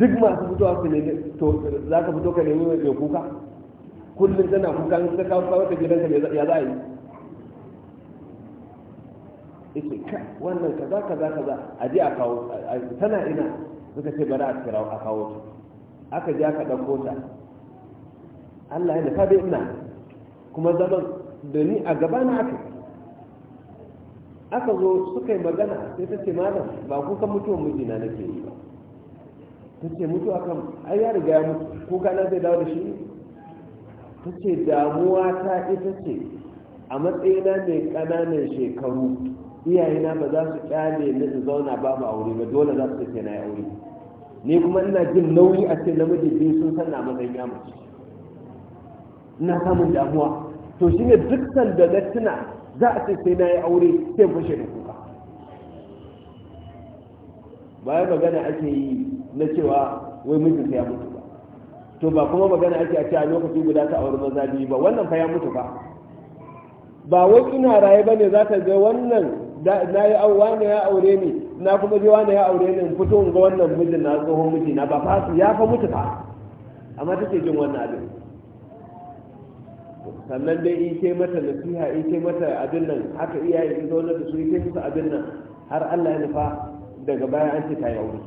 duk masu fitowa su ne to za ka fito ka nemi mai kuka kullum tana kuka in ka kawo kawai ta gidanka ya za a yi ita ka wannan kaza kaza kaza a je a kawo tana ina suka ce bari a kira a kawo ta aka ja aka ɗauko ta Allah ya nufa da ina kuma zaman da ni a gaba na aka aka zo suka yi magana sai ta ce malam ba kukan mutuwar mijina nake yi ba ta ce mutu akan ai ya riga ya mutu kuka na zai dawo da shi ta ce damuwa ta ita ce a matsayina mai ƙananan shekaru iyayena ba za su kyale na su zauna babu aure ba dole za su ke na yi aure ni kuma ina jin nauyi a ce namiji biyu sun na matsayin ya mace na samun damuwa to shi ne duk sanda na tuna za a ce sai na yi aure sai fashe da kuka bayan magana ake yi na cewa wai mijinta ya mutu ba to ba kuma magana ake a cewa a lokaci guda ta aure maza biyu ba wannan fa ya mutu ba ba wai ina raye ba ne za ka ga wannan na yi wani ya aure ni na kuma je wani ya aure ni fito in ga wannan mijin na tsohon mijina ba fa ya fa mutu fa amma take jin wannan abin sannan dai in ke mata nasiha in ke mata abin nan haka iyaye in zaunar da su in ke musu abin nan har Allah ya nufa daga baya an ce ta yi aure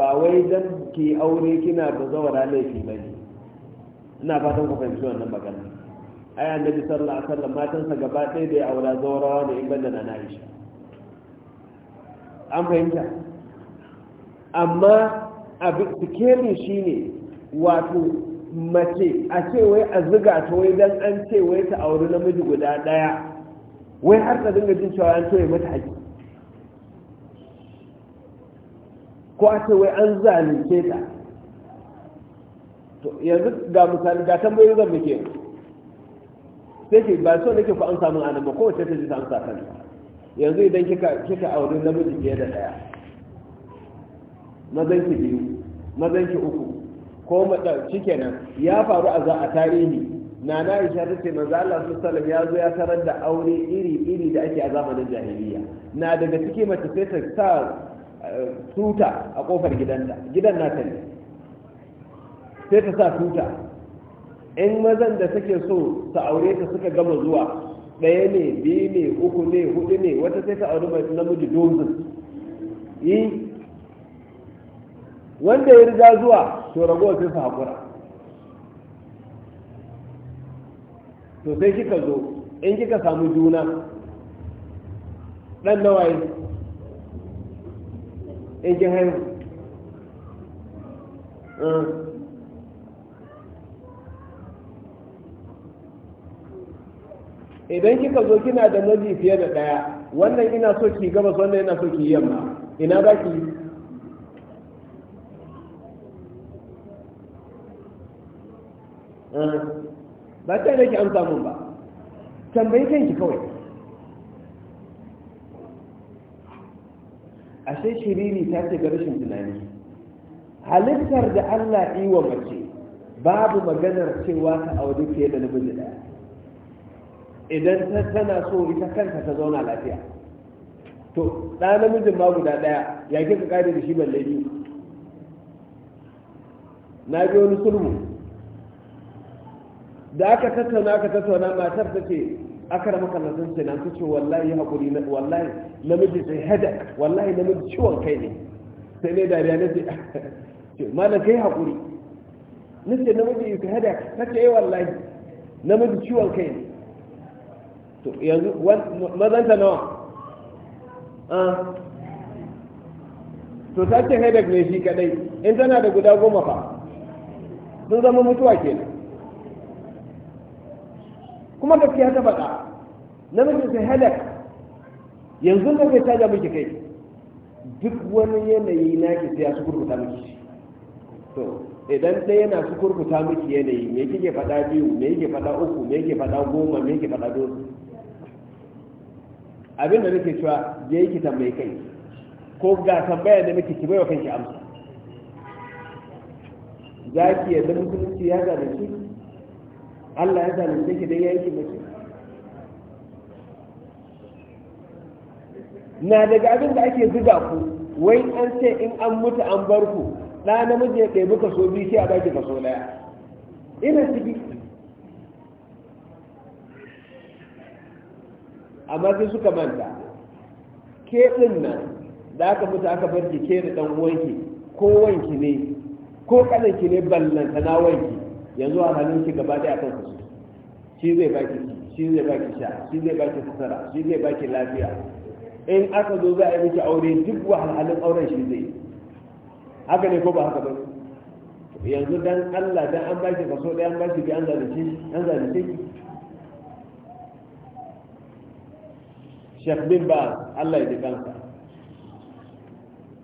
ba wai dan ke aure kina da zawara laifi ba ne ina fatan ku fahimci wannan magana ai annabi sallallahu alaihi wasallam matansa gaba ɗaya da ya aura zawarawa ne in banda na Aisha an fahimta amma abin shi ne, wato mace a ce wai a ziga ta wai don an ce wai ta auri namiji guda daya wai har ta dinga jin cewa an toye mata haƙi ko a ce wai an zalunce ta to yanzu ga misali ga tambayoyi zan muke sai ke ba so nake ku an samu anan ba kowace ta ji ta sa kanta yanzu idan kika kika auri namiji fiye da daya mazanki biyu mazanki uku ko shikenan ya faru a za a tarihi na na isha ta ce manzo Allah sallallahu ya zo ya tarar da aure iri iri da ake a zamanin jahiliya na daga ciki mace sai ta sa eh, tuta a kofar gidanta gidan nata ne sai ta sa tuta in mazan da suke so ta aure ta suka gama zuwa ɗaya ne biyu ne uku ne hudu ne wata sai ta auri mai namiji dozin yi wanda ya riga zuwa to ragowar sai su haƙura to sai kika zo in kika samu juna ɗan yi in kin haihu mm. idan kika zo kina da maji fiye da ɗaya wannan ina so ki gabas wannan ina so ki yamma ina za ki Eh, ba ta da ke amsa mun ba tambayi kanki kawai ashe shiriri ta ce ga rashin tunani halittar da Allah yi wa mace babu maganar cewa ta auri fiye da namiji daya idan ta tana so ita kanta ta zauna lafiya to ɗa namijin ma guda ɗaya ya ka kare da shi balle na ji wani sulmu da aka tattauna aka tattauna matar ta ce aka rama kallasan ce na ce wallahi hakuri na wallahi namiji sai hada wallahi namiji ciwon kai ne sai ne dariya na ce mana kai haƙuri nace ce namiji sai hada ta ce eh, wallahi namiji ciwon kai ne to yanzu ta nawa ah. to ta ce headache ne shi kadai in tana da guda goma fa sun zama mutuwa kenan kuma gaskiya ta faɗa namijin sai halak yanzu da zai caja miki kai duk wani yanayi na ki sai ya su kurkuta miki to idan ɗaya yana su kurkuta miki yanayi me kike faɗa biyu me kike faɗa uku me kike faɗa goma me kike faɗa dozu abin da nake cewa je yake tambaye kai ko ga tambaya da miki ki baiwa kanki amsa za ki yadda mutunci ya da shi Allah ya zalunce ki dan yanki ki mace na daga abin da ake zuga ku wai an ce in an mutu an bar ku ɗa namiji ya ɗebi kaso biyu sai a baki kaso ɗaya ina ciki amma sai suka manta ke ɗin nan da aka mutu aka bar ki ke da ɗan uwanki ko wanki ne ko ki ne ballanta na wanki yanzu a halin shi gaba daya kan su shi zai baki shi zai baki sha shi zai baki sutura shi zai baki lafiya in aka zo za a yi miki aure duk wahalhalin auren shi zai haka ne ko ba haka ba yanzu dan Allah dan an baki kaso dan an baki bi an zalunce an zalunce ki Sheikh bin ba Allah ya ji kansa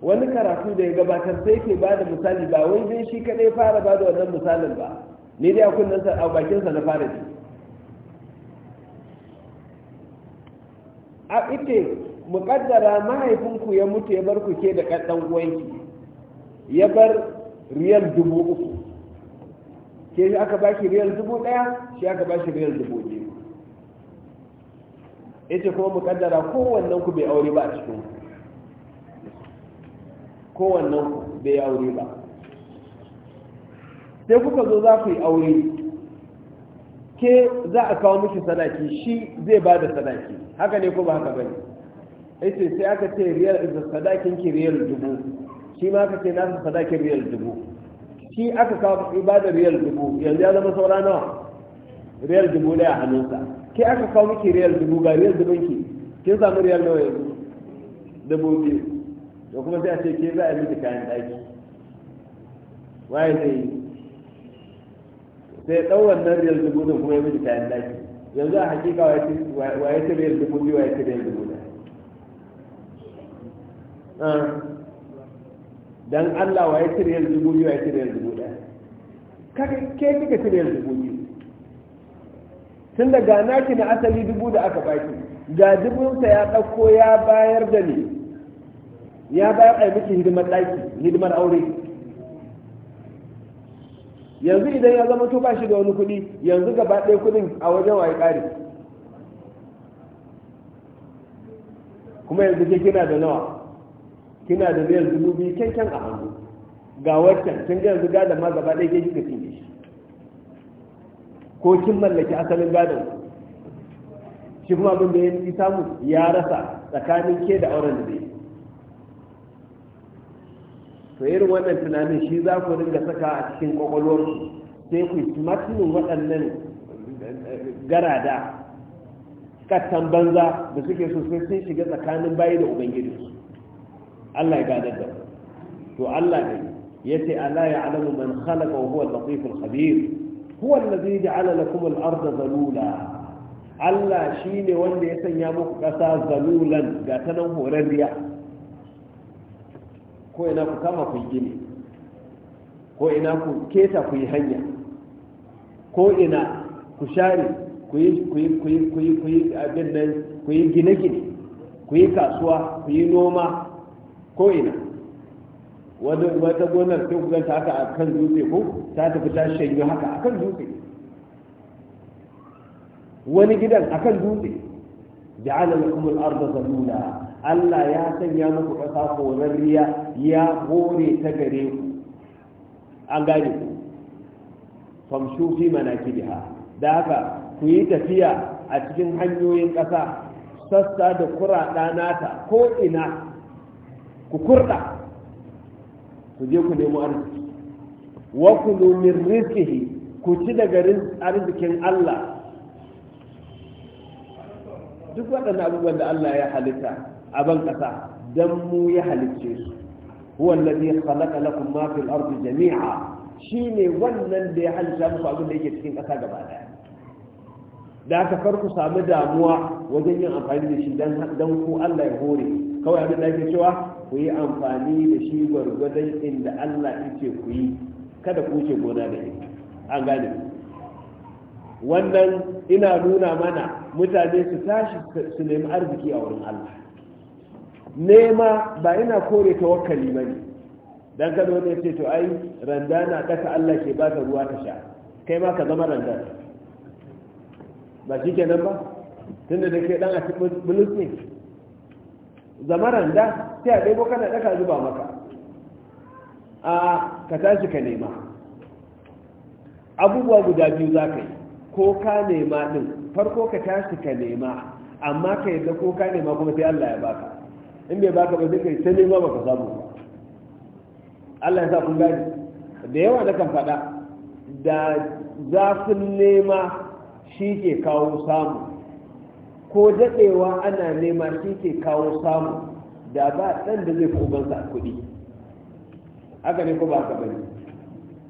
wani karatu da ya gabatar sai ke ba da misali ba wai dai shi kadai fara ba da wannan misalin ba ne dai a kunnen sa a bakin sa na fara ce a ite muƙaddara mahaifinku ya mutu ya bar ku ke da ɗan uwanki ya bar riyal dubu uku ke shi aka bashi riyal dubu ɗaya shi aka bashi riyal dubu biyu ita kuma muƙaddara kowannen ku bai aure ba a cikin kowannen ku bai aure ba sai kuka zo za ku yi aure ke za a kawo miki sadaki shi zai ba da sadaki haka ne ko ba haka bane yace sai aka ce riyal da sadakin ki riyal dubu shi ma aka ce nasa sadakin riyal dubu shi aka kawo ibada riyal dubu yanzu ya zama saura nawa riyal dubu ɗaya a hannunsa ke aka kawo miki riyal dubu ga riyal dubun ki kin samu riyal nawa yanzu dubu biyu da kuma sai a ce ke za a miki kayan daki waye zai yi sai ɗau wannan riyal dubu da kuma ya miji kayan daki yanzu a hakika wa ya ta riyal dubu biyu wa ya ta riyal dubu da ah. dan Allah wa ya ta riyal dubu biyu wa ya ta riyal dubu da kaka ke kika ta riyal dubu biyu tun da gana ki na asali dubu da aka baki ga ta ya ɗauko ya bayar da ni ya bayar a miki hidimar ɗaki hidimar aure yanzu idan ya zama to ba shi da wani kuɗi yanzu gaba ɗaya kuɗin a wajen waye ƙari kuma yanzu ke kina da nawa kina da biyar dubu biyu kyankyan a hannu ga waccan kin ga yanzu gadon ma gaba ɗaya ke kika cinye shi ko kin mallaki asalin gadon shi kuma abin da ya samu ya rasa tsakanin ke da auren da zai to irin wannan tunanin shi za ku dinga saka a cikin kwakwalwar sai ku matinin waɗannan garada kattan banza da suke so sai sun shiga tsakanin bayi da ubangiji Allah ya gada da to Allah ne ce Allah ya alamu man khalaqa wa huwa al-latif al-khabir huwa alladhi ja'ala lakum al-ardha zalula Allah shine wanda ya sanya muku kasa zalulan ga ta nan horarriya ko ina ku kama ku gini ko ina ku keta ku yi hanya ko ina ku share ku yi ku yi ku yi ku yi ku yi abin nan ku yi gine-gine ku yi kasuwa ku yi noma ko ina wata gonar ta ku ganta haka a kan dutse ko ta tafi ta shanyo haka a kan dutse wani gidan a kan dutse ja'ala lakum al zalula Allah ya sanya muku ƙasa korarriya ya hore ta gare ku an gane ku famshu fi manakibiha da haka ku yi tafiya a cikin hanyoyin ƙasa sassa da kuraɗa nata ko ina ku kurɗa ku je ku nemo arziki wa kulu min rizqihi ku ci daga arzikin Allah duk waɗannan abubuwan da Allah ya halitta a ban kasa dan mu ya halicce su huwa khalaqa lakum ma fil ardi jami'a shine wannan da ya halitta muku abin da yake cikin kasa gaba daya da aka farko samu damuwa wajen yin amfani da shi don ku Allah ya hore kawai abin da yake cewa ku yi amfani da shi gwargwadon inda Allah yake ku yi kada ku ce gona da ita an gane wannan ina nuna mana mutane su tashi su nemi arziki a wurin Allah nema ba ina kore tawakkali ba ne dan kada wani ya ce to ai randa na kasa Allah ke ba ta ruwa ta sha kai ma ka zama randa ba shi kenan ba tunda da ke dan a bulus ne zama randa sai a ɗebo kana daka zuba maka a ka tashi ka nema abubuwa guda biyu za ka yi ko ka nema din farko ka tashi ka nema amma ka yadda ko ka nema kuma sai Allah ya baka in bai baka ba zai kai sai nema baka samu Allah ya sa kun gani da yawa na kan faɗa da zafin nema shi ke kawo samu ko daɗewa ana nema shi ke kawo samu da ba ɗan da zai fi sa kudi kuɗi haka ne ko ba ka bane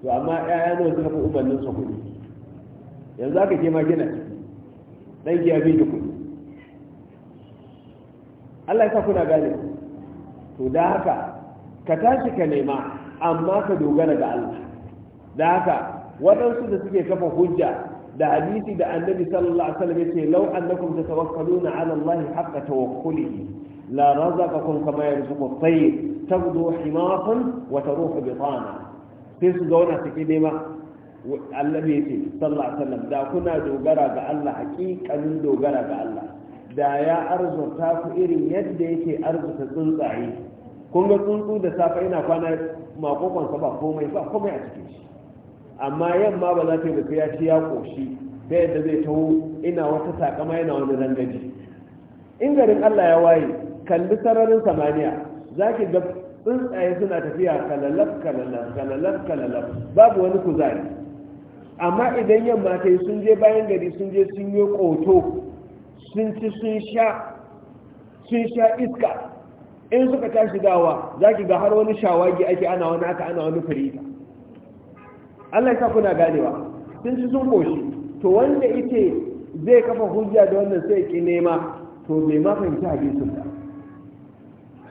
to amma ƴaƴa ne suka fi sa kuɗi yanzu aka ke ma gina ɗan ki ya kuɗi Allah ya sa kuna gane to da haka ka tashi ka nema amma ka dogara ga Allah da haka waɗansu da suke kafa hujja da hadisi da annabi sallallahu alaihi wasallam yace law annakum tatawakkaluna ala Allah haqqa tawakkulihi la razaqakum kama yarzuqu at-tayr tabdu himatan wa taruhu bitana sai su zauna suke nema Allah ya ce sallallahu alaihi wasallam da kuna dogara ga Allah haƙiƙanin dogara ga Allah da ya arzuta ku irin yadda yake arzuta tsuntsaye kun ga tsuntsu da safe ina kwana makokonsa ba komai ba komai a cikin shi amma yamma ba za ta yi ya ci ya koshi ta yadda zai taho ina wata takama yana wani zangaji in garin allah ya waye kalli sararin samaniya za ki ga tsuntsaye suna tafiya kalalaf kalalaf kalalaf kalalaf babu wani kuzari amma idan yamma ta yi sun je bayan gari sun je sun yi koto sun ci sun sha sun sha iska in suka tashi dawa za ki ga har wani shawagi ake ana wani aka ana wani firita Allah ya kuna ganewa sun ci sun boshi to wanda ita zai kafa hujja da wannan sai ki nema to me ma fahimci hadisin ba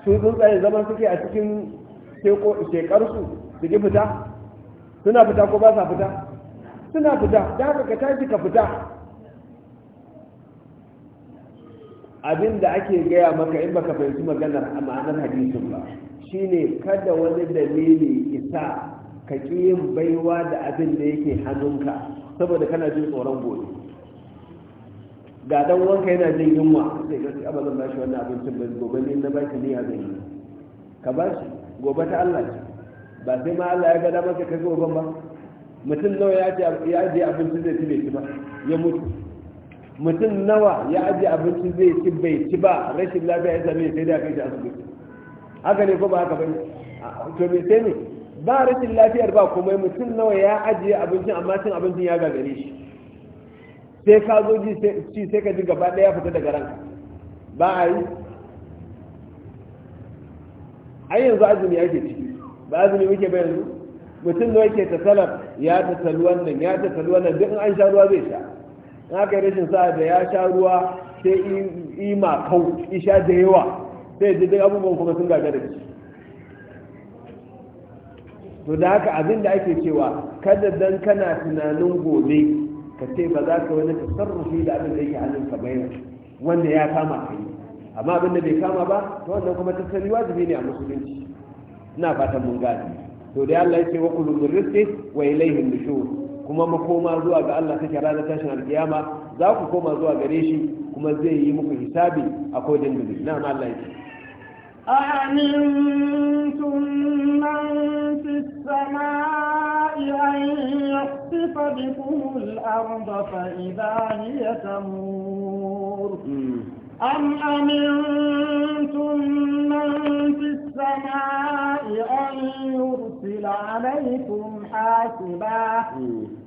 su tsuntsaye zaman suke a cikin shekarsu su ki fita suna fita ko ba sa fita suna fita da haka ka tashi ka fita abin da ake gaya maka in baka fahimci maganar a ma'anar hadisin ba shi ne kada wani dalili isa ka ƙi yin baiwa da abin da yake hannunka saboda kana jin tsoron gobe ga dan wanka yana jin yunwa sai ka ba zan bashi wannan abincin ba gobe ne na baki niyya zai yi ka shi gobe ta Allah ce ba sai ma Allah ya gada maka kai gobe ba mutum nawa ya je abincin zai ya ci ci ba ya mutu mutum nawa ya aji abinci zai ci bai ci ba rashin lafiya ya same sai da kai shi asibiti haka ne ko ba haka bane to me sai ne ba rashin lafiyar ba komai mutum nawa ya ajiye abincin amma cin abincin ya gagare shi sai ka zo ci sai ka ji gaba ɗaya fita daga ranka ba a yi ai yanzu azumi ke ciki ba azumi muke ba yanzu mutum nawa ke tasalar ya tasalu wannan ya tasalu wannan duk an sha ruwa zai sha na ka rashin sa'a da ya sha ruwa sai yi ma kau isha da yawa sai ji duk abubuwan kuma sun gaga da shi to da haka abin da ake cewa kada dan kana tunanin gobe ka ce ba za ka wani tasarrufi da abin da yake hannun ka bayan wanda ya kama ka yi amma abin da bai kama ba to wannan kuma wa wajibi ne a musulunci ina fatan mun gane to da Allah ya ce wa kullu rizqi wa ilayhi nushur kuma makoma zuwa ga Allah take ranar tashin alkiyama za ku koma zuwa gare shi kuma zai yi muku hisabi a kodin gudu na Allah yake أأمنتم من في السماء أن بكم الأرض فإذا هي تمور أم أمنتم من في السماء أن يرسل عليكم حاسبا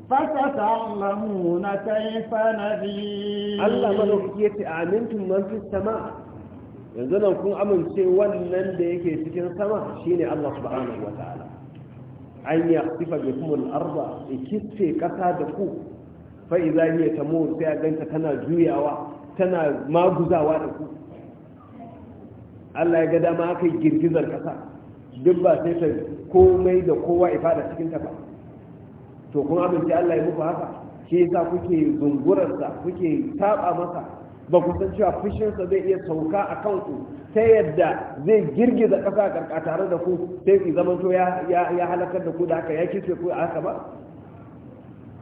فستعلمون كيف نذير الله ملوك يتي أمنتم من في السماء ينزلنا نكون أمن شيء ولن ديك يسكن السماء شيني الله سبحانه وتعالى أن يخطف بكم الأرض يكتفي كتا دكو فإذا هي تموت سيأجنك تنا جوية tana maguzawa da ku Allah ya ga dama aka yi girgizar kasa. duk ba sai ta komai da kowa ya fada cikin ta ba to kun abinci Allah ya muku haka shi yasa kuke zungurarsa kuke taɓa masa ba ku san cewa fushinsa zai iya sauka a ku ta yadda zai girgiza kasa karka tare da ku sai ku zama to ya ya halakar da ku da haka ya kice ku haka ba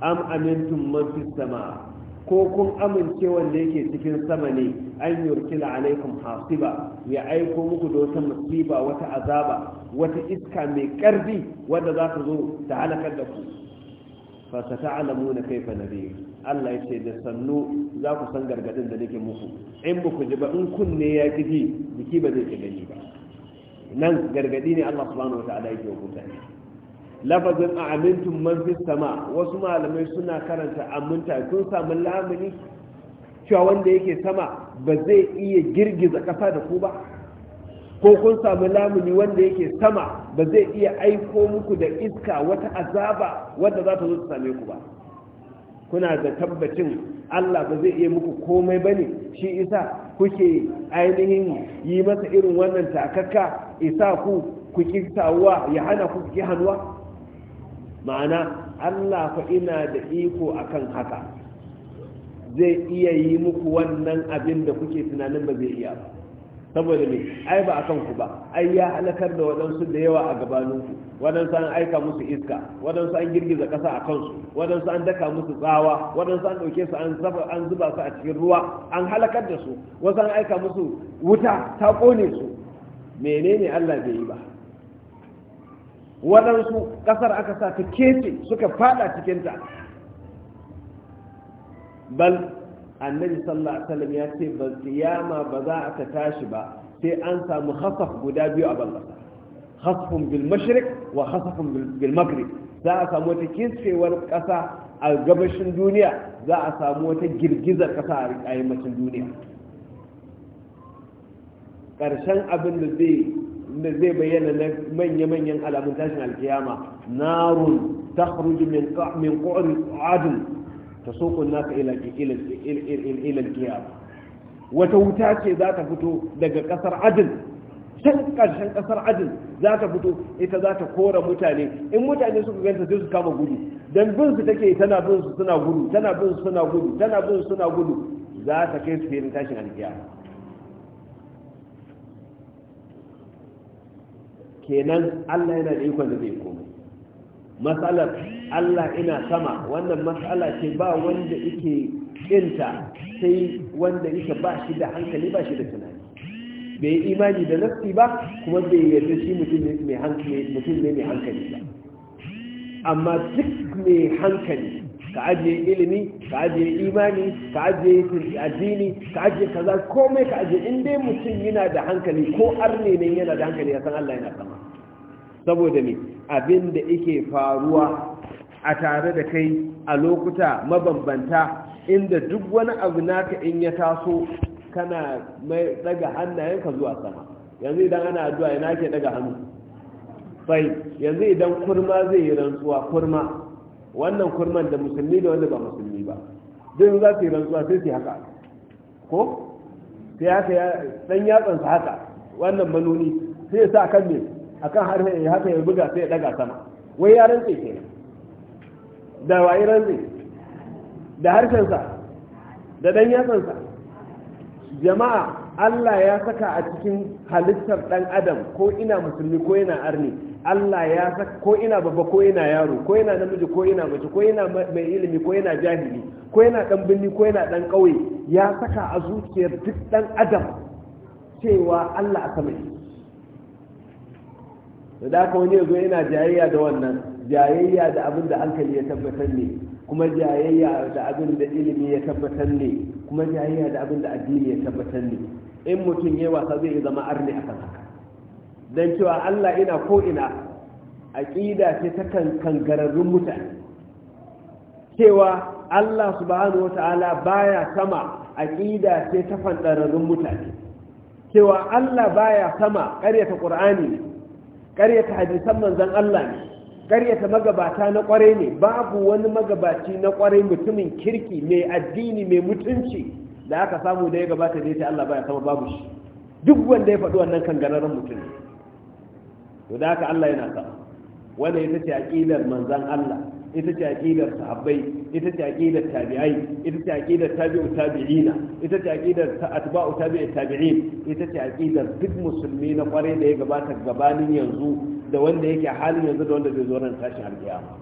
am amintum man fis sama ko kun amince wanda yake cikin sama ne an yurkila alaikum hasiba ya aiko muku da wata musiba wata azaba wata iska mai karfi wadda za ta zo ta halakar da ku fa na kaifa nadir Allah ya ce da sannu za ku san gargadin da nake muku in ba ji ba in kunne ya kiji jiki ba zai gani ba nan gargadi ne Allah subhanahu wa ta'ala yake wa mutane lafazin a amintun man fi sama wasu malamai suna karanta aminta sun samu lamuni cewa wanda yake sama ba zai iya girgiza ƙasa da ku ba ko kun samu lamuni wanda yake sama ba zai iya aiko muku da iska wata azaba wadda za ta zo ta same ku ba kuna da tabbacin Allah ba zai iya muku komai bane shi isa kuke ainihin yi masa irin wannan takakka isa ku ku ki ya hana ku ki hannuwa ma'ana Allah fa ina da iko akan haka zai iya yi muku wannan abin da kuke tunanin ba zai iya ba saboda ne ai ba a ku ba ai ya halakar da waɗansu da yawa a gabaninku waɗansu an aika musu iska waɗansu an girgiza ƙasa a kansu waɗansu an daka musu tsawa waɗansu an ɗauke su an zuba su a cikin ruwa an halakar da su wasu an aika musu wuta ta ƙone su menene Allah bai yi ba waɗansu ƙasar aka sa ta kece suka fada cikinta bal annabi sallallahu alaihi wasallam ya ce ba kiyama ba za a ta tashi ba sai an samu khasaf guda biyu a ban khasfun bil wa khasfun bil maghrib za a samu wata kincewar ƙasa a gabashin duniya za a samu wata girgizar ƙasa a yammacin duniya ƙarshen abin da zai da zai bayyana na manya-manyan alamun tashin alkiyama narun ta min min qa'ri adun ta sokon naka ila wata wuta ce za ta fito daga ƙasar adun can ƙarshen ƙasar adin za ta fito ita za ta kora mutane in mutane suka ganta sai su kama gudu don bin su take tana bin su suna gudu tana bin su suna gudu tana bin su suna gudu za ta kai su filin tashin alkiyama kenan Allah yana da ikon da zai komai matsalar Allah ina sama wannan matsala ce ba wanda yake kinta sai wanda yake ba shi da hankali ba shi da tunani bai imani da nafsi ba kuma bai yarda shi mutum ne mai hankali ba amma duk mai hankali ka ajiye ilimi ka ajiye imani ka ajiye addini ka ajiye kaza komai ka ajiye in dai mutum yana da hankali ko arne ne yana da hankali ya san Allah yana sama saboda me abin da yake faruwa a tare da kai a lokuta mabambanta inda duk wani abu naka in ya taso kana mai daga hannayenka zuwa sama yanzu idan ana addu'a ina ke daga hannu sai yanzu idan kurma zai yi rantsuwa kurma wannan kurman da musulmi da wanda ba musulmi ba duk za su yi rantsuwa sai su haka ko sai haka ya dan yatsan sa haka wannan manoni sai ya sa kan me akan har ya haka ya buga sai ya daga sama wai ya rantsi ke da wai rantsi da harshen sa da dan yatsan sa jama'a Allah ya saka a cikin halittar ɗan adam ko ina musulmi ko ina arni Allah ya saka ko ina babba ko ina yaro ko ina namiji ko ina mace ko ina mai ilimi ko ina jahili ko ina ɗan birni ko ina ɗan ƙauye ya saka a zuciyar duk ɗan adam cewa Allah a sama da haka wani ya zo ina jayayya da wannan jayayya da abin da hankali ya tabbatar ne kuma jayayya da abin da ilimi ya tabbatar ne kuma jayayya da abin da addini ya tabbatar ne in mutum ya wasa zai yi zama arni akan haka don cewa allah ina ko ina aƙida ce ta kangararrun mutane cewa allah subhanahu wata'ala baya sama aƙida ce ta fanɗararrun mutane cewa allah baya sama ƙaryata ƙur'ani karyata ƙaryata hadisan manzan allah ne ƙaryata magabata na ƙwarai ne babu wani magabaci na ƙwarai mutumin kirki mai addini mai mutunci da aka samu da ya gabata da ya ce Allah baya sama babu shi duk wanda ya faɗi wannan kan ganarar mutum to da haka Allah yana sa, wanda ita ce aqidar manzon Allah ita ce aqidar sahabbai ita ce aqidar tabi'ai ita ce aqidar tabi'u tabi'ina ita ce aqidar atba'u tabi'i tabi'in ita ce aqidar duk musulmi na kwarai da ya gabata gabanin yanzu da wanda yake a halin yanzu da wanda zai zo ran tashin alkiyama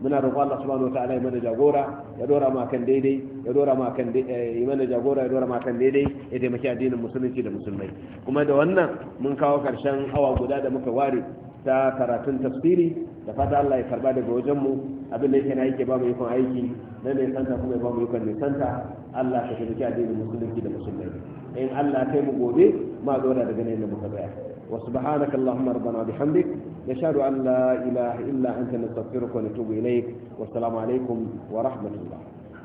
muna roƙon Allah subhanahu wataala ya mana jagora ya dora mu akan daidai ya dora mu akan eh, ya mana jagora ya dora mu akan daidai ya taimaki addinin musulunci da musulmai kuma da wannan mun kawo karshen awa guda da muka ware ta karatun tafsiri da fata Allah ya karba daga wajen mu abin da yake na yake ba mu ikon aiki na ne santa kuma ya ba mu ikon ne santa Allah ka taimaki addinin musulunci da musulmai in Allah kai mu gobe ma da daga nan da muka bayar وسبحانك اللهم ربنا بحمدك نشهد أن لا إله إلا أنت نستغفرك ونتوب إليك والسلام عليكم ورحمة الله